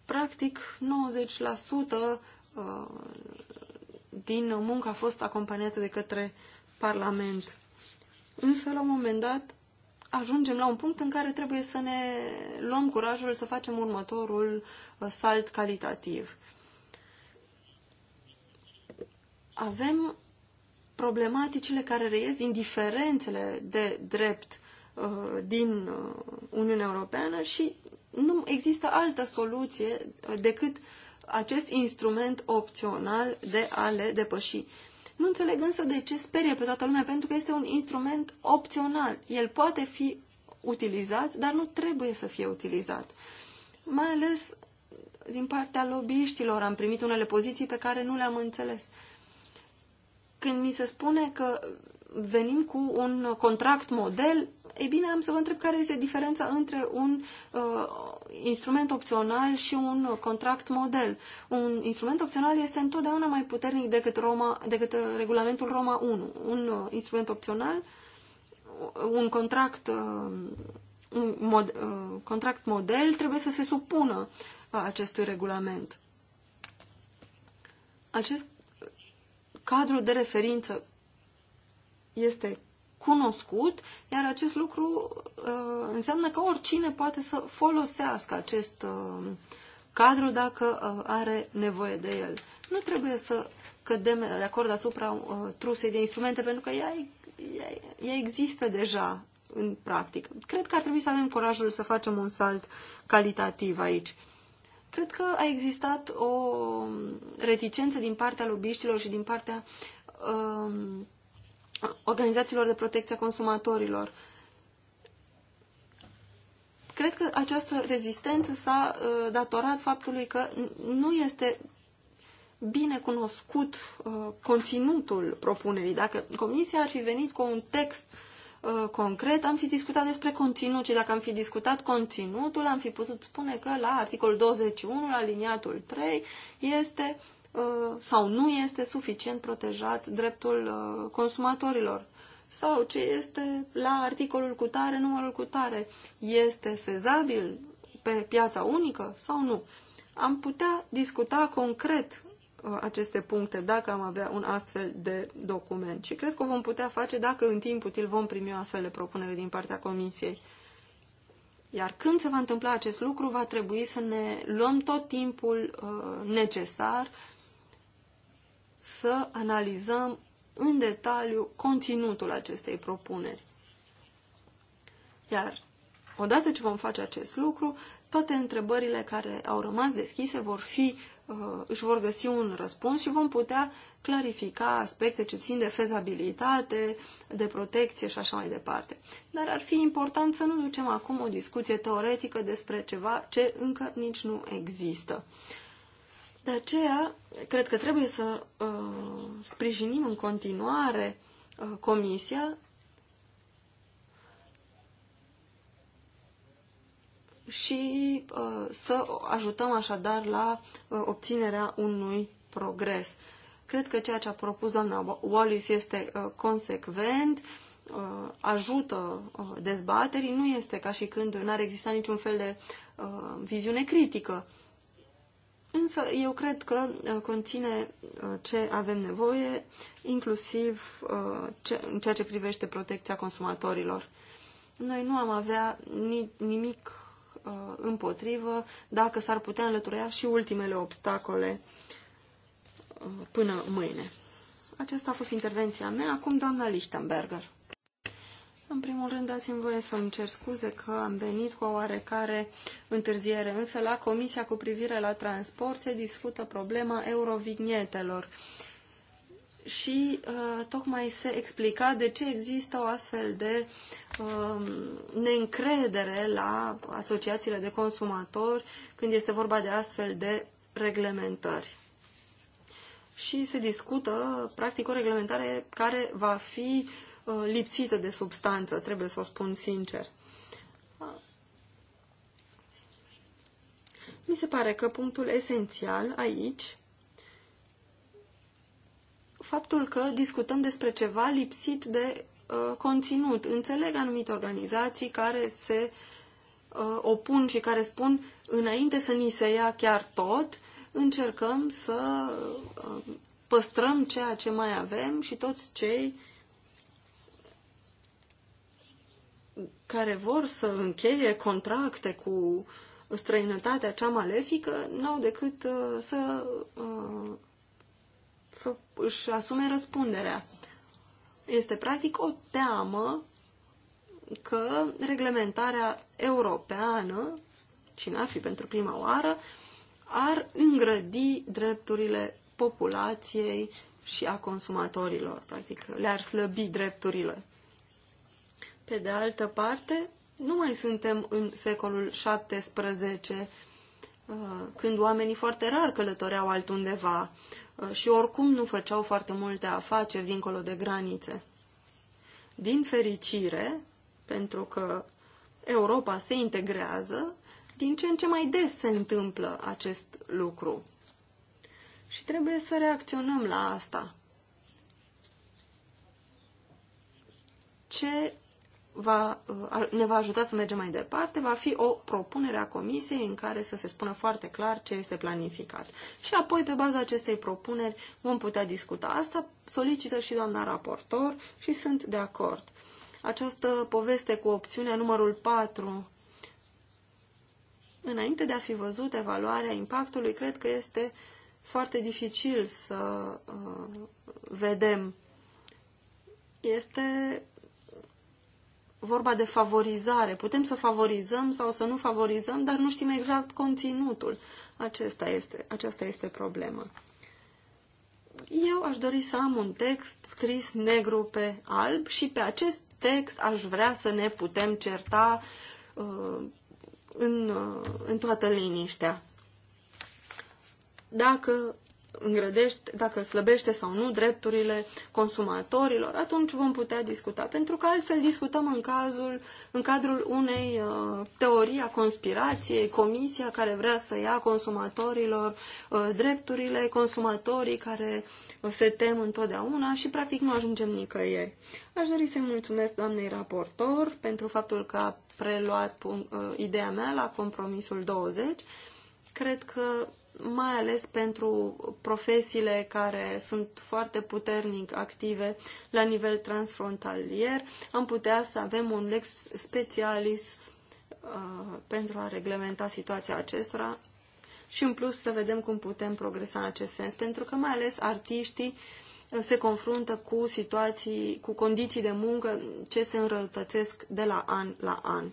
Practic, 90% uh, din muncă a fost acompaniată de către Parlament. Însă, la un moment dat, ajungem la un punct în care trebuie să ne luăm curajul să facem următorul uh, salt calitativ. avem problematicile care reiesc din diferențele de drept uh, din uh, Uniunea Europeană și nu există altă soluție uh, decât acest instrument opțional de a le depăși. Nu înțeleg însă de ce sperie pe toată lumea, pentru că este un instrument opțional. El poate fi utilizat, dar nu trebuie să fie utilizat. Mai ales din partea lobbyiștilor am primit unele poziții pe care nu le-am înțeles. Uh, când mi se spune că venim cu un contract model, e bine, am să vă întreb care este diferența între un uh, instrument opțional și un contract model. Un instrument opțional este întotdeauna mai puternic decât, Roma, decât uh, regulamentul Roma 1. Un uh, instrument opțional, uh, un contract, uh, un mod, uh, contract model trebuie să se supună uh, acestui regulament. Acest cadrul de referință este cunoscut, iar acest lucru uh, înseamnă că oricine poate să folosească acest uh, cadru dacă uh, are nevoie de el. Nu trebuie să cădem de acord asupra uh, trusei de instrumente, pentru că ea, ea, ea există deja în practică. Cred că ar trebui să avem curajul să facem un salt calitativ aici. Cred că a existat o reticență din partea lobiștilor și din partea um, organizațiilor de protecție a consumatorilor. Cred că această rezistență s-a uh, datorat faptului că nu este bine cunoscut uh, conținutul propunerii. Dacă Comisia ar fi venit cu un text uh, Uh, concret, am fi discutat despre conținut și dacă am fi discutat conținutul, am fi putut spune că la articolul 21, la liniatul 3, este uh, sau nu este suficient protejat dreptul uh, consumatorilor sau ce este la articolul cu tare, numărul cu tare, este fezabil pe piața unică sau nu. Am putea discuta concret Uh, aceste puncte dacă am avea un astfel de document. Și cred că o vom putea face dacă în timp util vom primi o astfel de propunere din partea Comisiei. Iar când se va întâmpla acest lucru, va trebui să ne luăm tot timpul uh, necesar să analizăm în detaliu conținutul acestei propuneri. Iar odată ce vom face acest lucru, toate întrebările care au rămas deschise vor fi Uh, își vor găsi un răspuns și vom putea clarifica aspecte ce țin de fezabilitate, de protecție și așa mai departe. Dar ar fi important să nu ducem acum o discuție teoretică despre ceva ce încă nici nu există. De aceea, cred că trebuie să uh, sprijinim în continuare uh, Comisia și uh, să ajutăm așadar la uh, obținerea unui progres. Cred că ceea ce a propus doamna Wallis este uh, consecvent, ajută dezbaterii, nu este ca și când n-ar exista niciun fel de viziune critică. Însă eu cred că conține ce avem nevoie, inclusiv în ceea ce privește protecția consumatorilor. Noi nu am avea nimic împotrivă dacă s-ar putea înlătura și ultimele obstacole uh, până mâine. Aceasta a fost intervenția mea. Acum, doamna Lichtenberger. În primul rând, dați-mi voie să îmi cer scuze că am venit cu o oarecare întârziere, însă la Comisia cu privire la transport se discută problema eurovignetelor. Uh, și uh, tocmai se explica de ce există o astfel de uh, neîncredere la asociațiile de consumatori când este vorba de astfel de reglementări. Și se discută, practic, o reglementare care va fi uh, lipsită de substanță, trebuie să o spun sincer. Mi se pare că punctul esențial aici faptul că discutăm despre ceva lipsit de uh, conținut. Înțeleg anumite organizații care se uh, opun și care spun înainte să ni se ia chiar tot, încercăm să uh, păstrăm ceea ce mai avem și toți cei care vor să încheie contracte cu străinătatea cea malefică, n-au decât uh, să uh, să își asume răspunderea. Este practic o teamă că reglementarea europeană, și n-ar fi pentru prima oară, ar îngrădi drepturile populației și a consumatorilor, practic le-ar slăbi drepturile. Pe de altă parte, nu mai suntem în secolul XVII, uh, când oamenii foarte rar călătoreau altundeva. Uh, și oricum nu făceau foarte multe afaceri dincolo de granițe. Din fericire, pentru că Europa se integrează, din ce în ce mai des se întâmplă acest lucru. Și trebuie să reacționăm la asta. Ce va, uh, ne va ajuta să mergem mai departe, va fi o propunere a Comisiei în care să se spună foarte clar ce este planificat. Și apoi, pe baza acestei propuneri, vom putea discuta. Asta solicită și doamna raportor și sunt de acord. Această poveste cu opțiunea numărul 4, înainte de a fi văzut evaluarea impactului, cred că este foarte dificil să uh, vedem. Este vorba de favorizare. Putem să favorizăm sau să nu favorizăm, dar nu știm exact conținutul. Acesta este, aceasta este problema. Eu aș dori să am un text scris negru pe alb și pe acest text aș vrea să ne putem certa uh, în, uh, în toată liniștea. Dacă îngrădește, dacă slăbește sau nu drepturile consumatorilor, atunci vom putea discuta. Pentru că altfel discutăm în, cazul, în cadrul unei uh, teorii a conspirației, comisia care vrea să ia consumatorilor uh, drepturile, consumatorii care uh, se tem întotdeauna și practic nu ajungem nicăieri. Aș dori să-i mulțumesc doamnei raportor pentru faptul că a preluat uh, ideea mea la compromisul 20. Cred că mai ales pentru profesiile care sunt foarte puternic active la nivel transfrontalier, am putea să avem un lex specialis uh, pentru a reglementa situația acestora și în plus să vedem cum putem progresa în acest sens, pentru că mai ales artiștii uh, se confruntă cu situații, cu condiții de muncă ce se înrăutățesc de la an la an.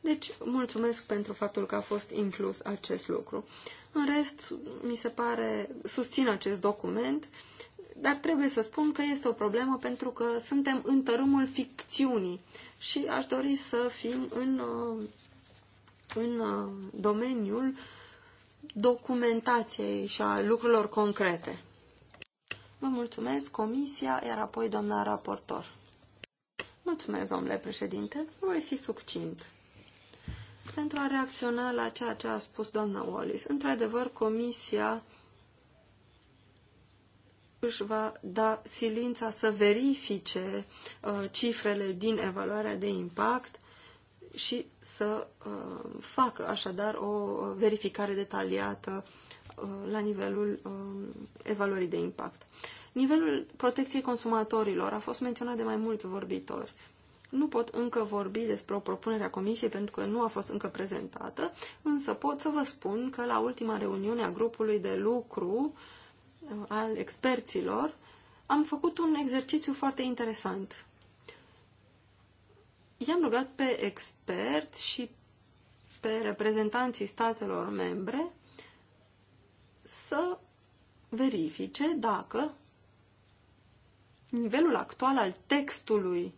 Deci, mulțumesc pentru faptul că a fost inclus acest lucru. În rest, mi se pare, susțin acest document, dar trebuie să spun că este o problemă pentru că suntem în tărâmul ficțiunii și aș dori să fim în, uh, în uh, domeniul documentației și a lucrurilor concrete. Vă mulțumesc, comisia, iar apoi doamna raportor. Mulțumesc, domnule președinte, voi fi succint pentru a reacționa la ceea ce a spus doamna Wallis. Într-adevăr, Comisia își va da silința să verifice uh, cifrele din evaluarea de impact și să uh, facă așadar o verificare detaliată uh, la nivelul uh, evaluării de impact. Nivelul protecției consumatorilor a fost menționat de mai mulți vorbitori. Uh, nu pot încă vorbi despre o propunere a Comisiei pentru că nu a fost încă prezentată, însă pot să vă spun că la ultima reuniune a grupului de lucru uh, al experților am făcut un exercițiu foarte interesant. I-am rugat pe experți și pe reprezentanții statelor membre să verifice dacă nivelul actual al textului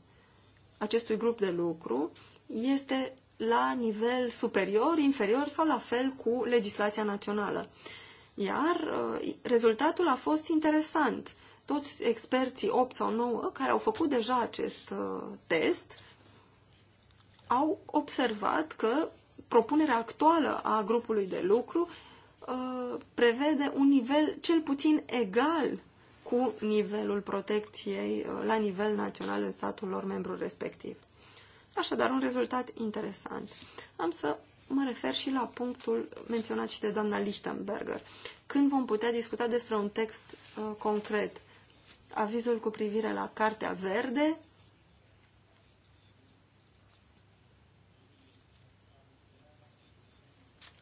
acestui grup de lucru este la nivel superior, inferior sau la fel cu legislația națională. Iar uh, rezultatul a fost interesant. Toți experții 8 sau 9 care au făcut deja acest uh, test au observat că propunerea actuală a grupului de lucru uh, prevede un nivel cel puțin egal cu nivelul protecției uh, la nivel național în statul lor membru respectiv. Așadar, un rezultat interesant. Am să mă refer și la punctul menționat și de doamna Lichtenberger. Când vom putea discuta despre un text uh, concret? Avizul cu privire la Cartea Verde?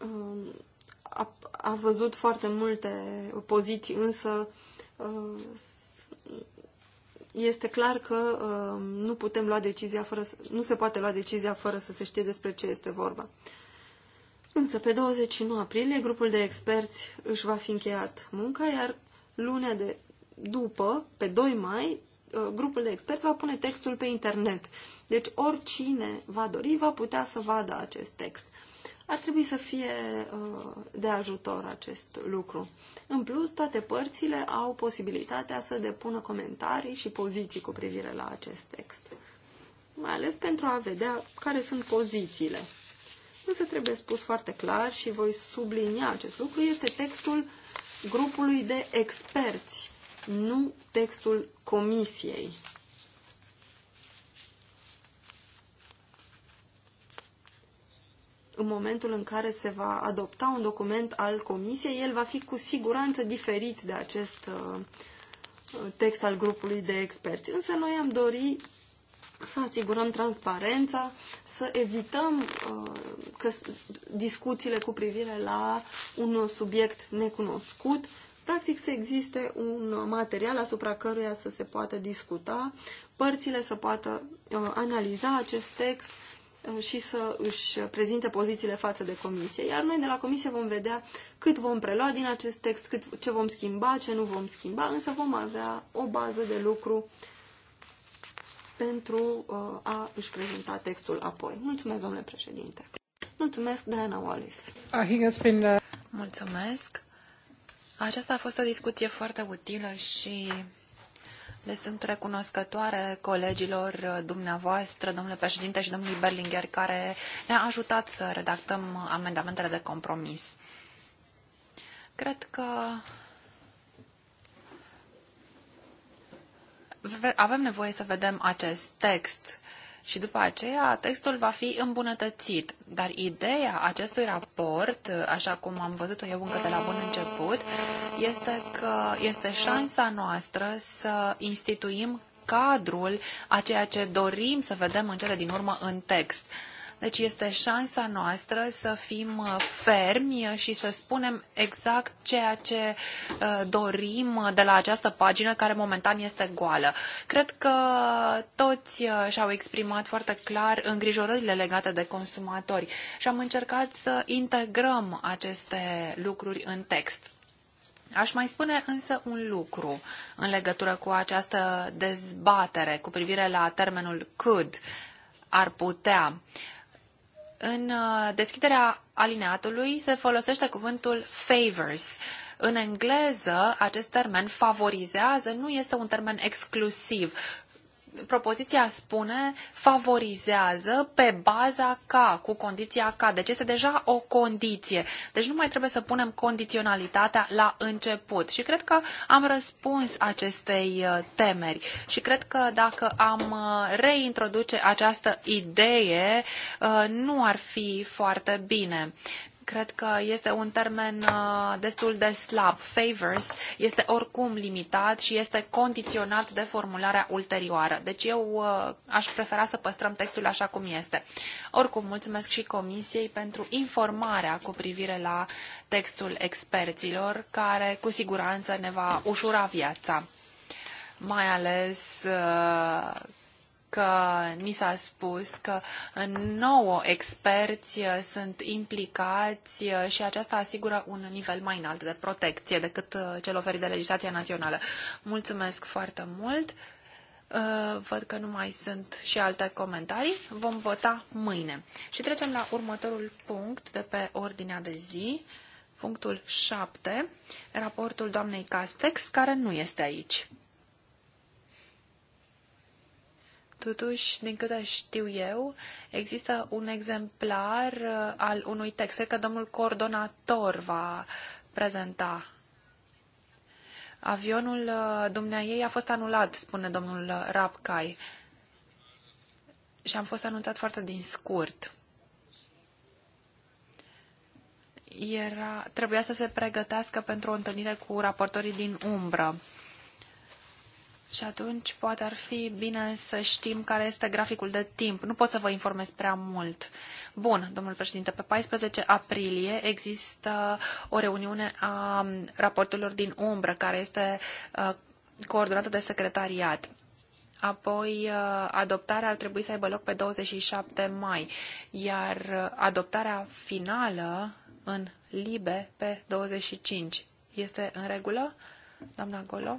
Uh, a, a văzut foarte multe poziții, însă uh, Uh, este clar că uh, nu putem lua decizia fără, nu se poate lua decizia fără să se știe despre ce este vorba. Însă, pe 29 aprilie, grupul de experți își va fi încheiat munca, iar lunea de după, pe 2 mai, uh, grupul de experți va pune textul pe internet. Deci oricine va dori va putea să vadă acest text ar trebui să fie uh, de ajutor acest lucru. În plus, toate părțile au posibilitatea să depună comentarii și poziții cu privire la acest text, mai ales pentru a vedea care sunt pozițiile. Însă trebuie spus foarte clar și voi sublinia acest lucru, este textul grupului de experți, nu textul comisiei. în momentul în care se va adopta un document al Comisiei, el va fi cu siguranță diferit de acest uh, text al grupului de experți. Însă noi am dori să asigurăm transparența, să evităm uh, că discuțiile cu privire la un subiect necunoscut, practic să existe un material asupra căruia să se poată discuta, părțile să poată uh, analiza acest text, Uh, și să își prezinte pozițiile față de comisie. Iar noi de la comisie vom vedea cât vom prelua din acest text, cât, ce vom schimba, ce nu vom schimba, însă vom avea o bază de lucru pentru uh, a își prezenta textul apoi. Mulțumesc, domnule președinte. Mulțumesc, Diana Wallis.
Uh, Mulțumesc. Aceasta a fost o discuție foarte utilă și le sunt recunoscătoare colegilor uh, dumneavoastră, domnule președinte și domnului Berlinger, care ne-a ajutat să redactăm amendamentele de compromis. Cred că avem nevoie să vedem acest text și după aceea textul va fi îmbunătățit. Dar ideea acestui raport, așa cum am văzut-o eu încă de la bun început, este că este șansa noastră să instituim cadrul a ceea ce dorim să vedem în cele din urmă în text. Deci este șansa noastră să fim uh, fermi și să spunem exact ceea ce uh, dorim de la această pagină care momentan este goală. Cred că toți uh, și-au exprimat foarte clar îngrijorările legate de consumatori și am încercat să integrăm aceste lucruri în text. Aș mai spune însă un lucru în legătură cu această dezbatere cu privire la termenul could, ar putea. Uh, în uh, deschiderea alineatului se folosește cuvântul favors. În engleză, acest termen favorizează nu este un termen exclusiv propoziția spune favorizează pe baza ca, cu condiția ca. Deci este deja o condiție. Deci nu mai trebuie să punem condiționalitatea la început. Și cred că am răspuns acestei uh, temeri. Și cred că dacă am uh, reintroduce această idee, uh, nu ar fi foarte bine cred că este un termen uh, destul de slab. Favors este oricum limitat și este condiționat de formularea ulterioară. Deci eu uh, aș prefera să păstrăm textul așa cum este. Oricum, mulțumesc și Comisiei pentru informarea cu privire la textul experților, care cu siguranță ne va ușura viața mai ales uh, că ni s-a spus că nouă experți uh, sunt implicați uh, și aceasta asigură un nivel mai înalt de protecție decât uh, cel oferit de legislația națională. Mulțumesc foarte mult! Văd că nu mai sunt și alte comentarii. Vom vota mâine. Și trecem la următorul punct de pe ordinea de zi, punctul 7, raportul doamnei Castex, care nu este aici. Totuși, din câte știu eu, există un exemplar uh, al unui text. Cred că domnul coordonator va prezenta. Avionul uh, dumneaei a fost anulat, spune domnul uh, Rapcai. Și am fost anunțat foarte din scurt. Era, trebuia să se pregătească pentru o întâlnire cu raportorii din umbră și atunci poate ar fi bine să știm care este graficul de timp. Nu pot să vă informez prea mult. Bun, domnul președinte, pe 14 aprilie există o reuniune a raporturilor din umbră, care este uh, coordonată de secretariat. Apoi, uh, adoptarea ar trebui să aibă loc pe 27 mai, iar adoptarea finală în Libe pe 25. Este în regulă, doamna Golo?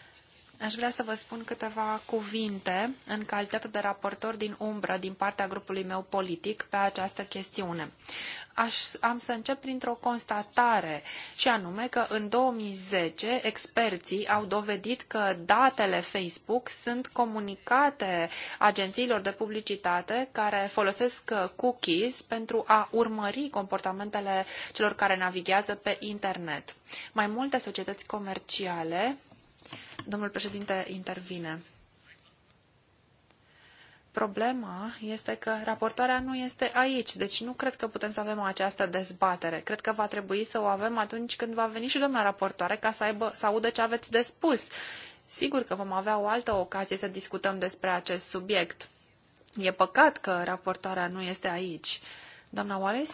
Aș vrea să vă spun câteva cuvinte în calitate de raportor din umbră din partea grupului meu politic pe această chestiune. Aș, am să încep printr-o constatare și anume că în 2010 experții au dovedit că datele Facebook sunt comunicate agențiilor de publicitate care folosesc cookies pentru a urmări comportamentele celor care navighează pe internet. Mai multe societăți comerciale Domnul președinte intervine. Problema este că raportoarea nu este aici, deci nu cred că putem să avem această dezbatere. Cred că va trebui să o avem atunci când va veni și doamna raportoare ca să, aibă, să audă ce aveți de spus. Sigur că vom avea o altă ocazie să discutăm despre acest subiect. E păcat că raportoarea nu este aici. Doamna Wallace?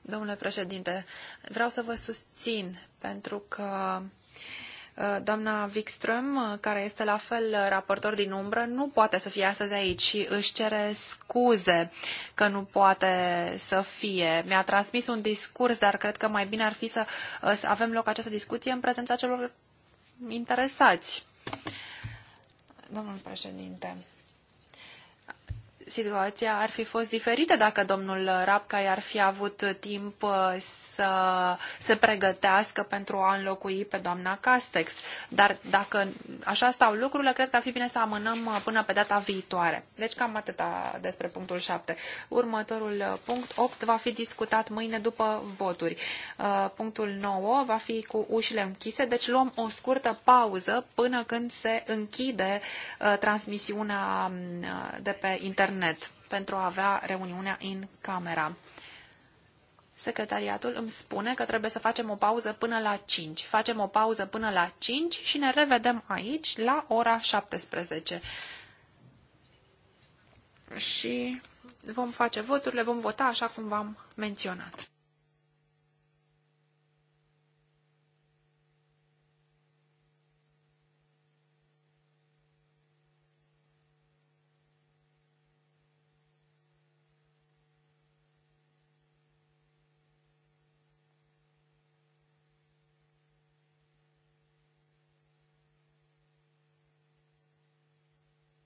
Domnule președinte, vreau să vă susțin pentru că Uh, doamna Wikström, uh, care este la fel raportor din umbră, nu poate să fie astăzi aici și își cere scuze că nu poate să fie. Mi-a transmis un discurs, dar cred că mai bine ar fi să, uh, avem loc această discuție în prezența celor interesați. Domnul președinte, situația ar fi fost diferită dacă domnul Rapcai ar fi avut timp uh, să se pregătească pentru a înlocui pe doamna Castex. Dar dacă așa stau lucrurile, cred că ar fi bine să amânăm uh, până pe data viitoare. Deci cam atâta despre punctul 7. Următorul uh, punct 8 va fi discutat mâine după voturi. Punctul 9 va fi cu ușile închise, deci luăm o scurtă pauză până când se închide transmisiunea de pe internet internet pentru a avea reuniunea în camera. Secretariatul îmi spune că trebuie să facem o pauză până la 5. Facem o pauză până la 5 și ne revedem aici la ora 17. Și vom face voturile, vom vota așa cum v-am menționat.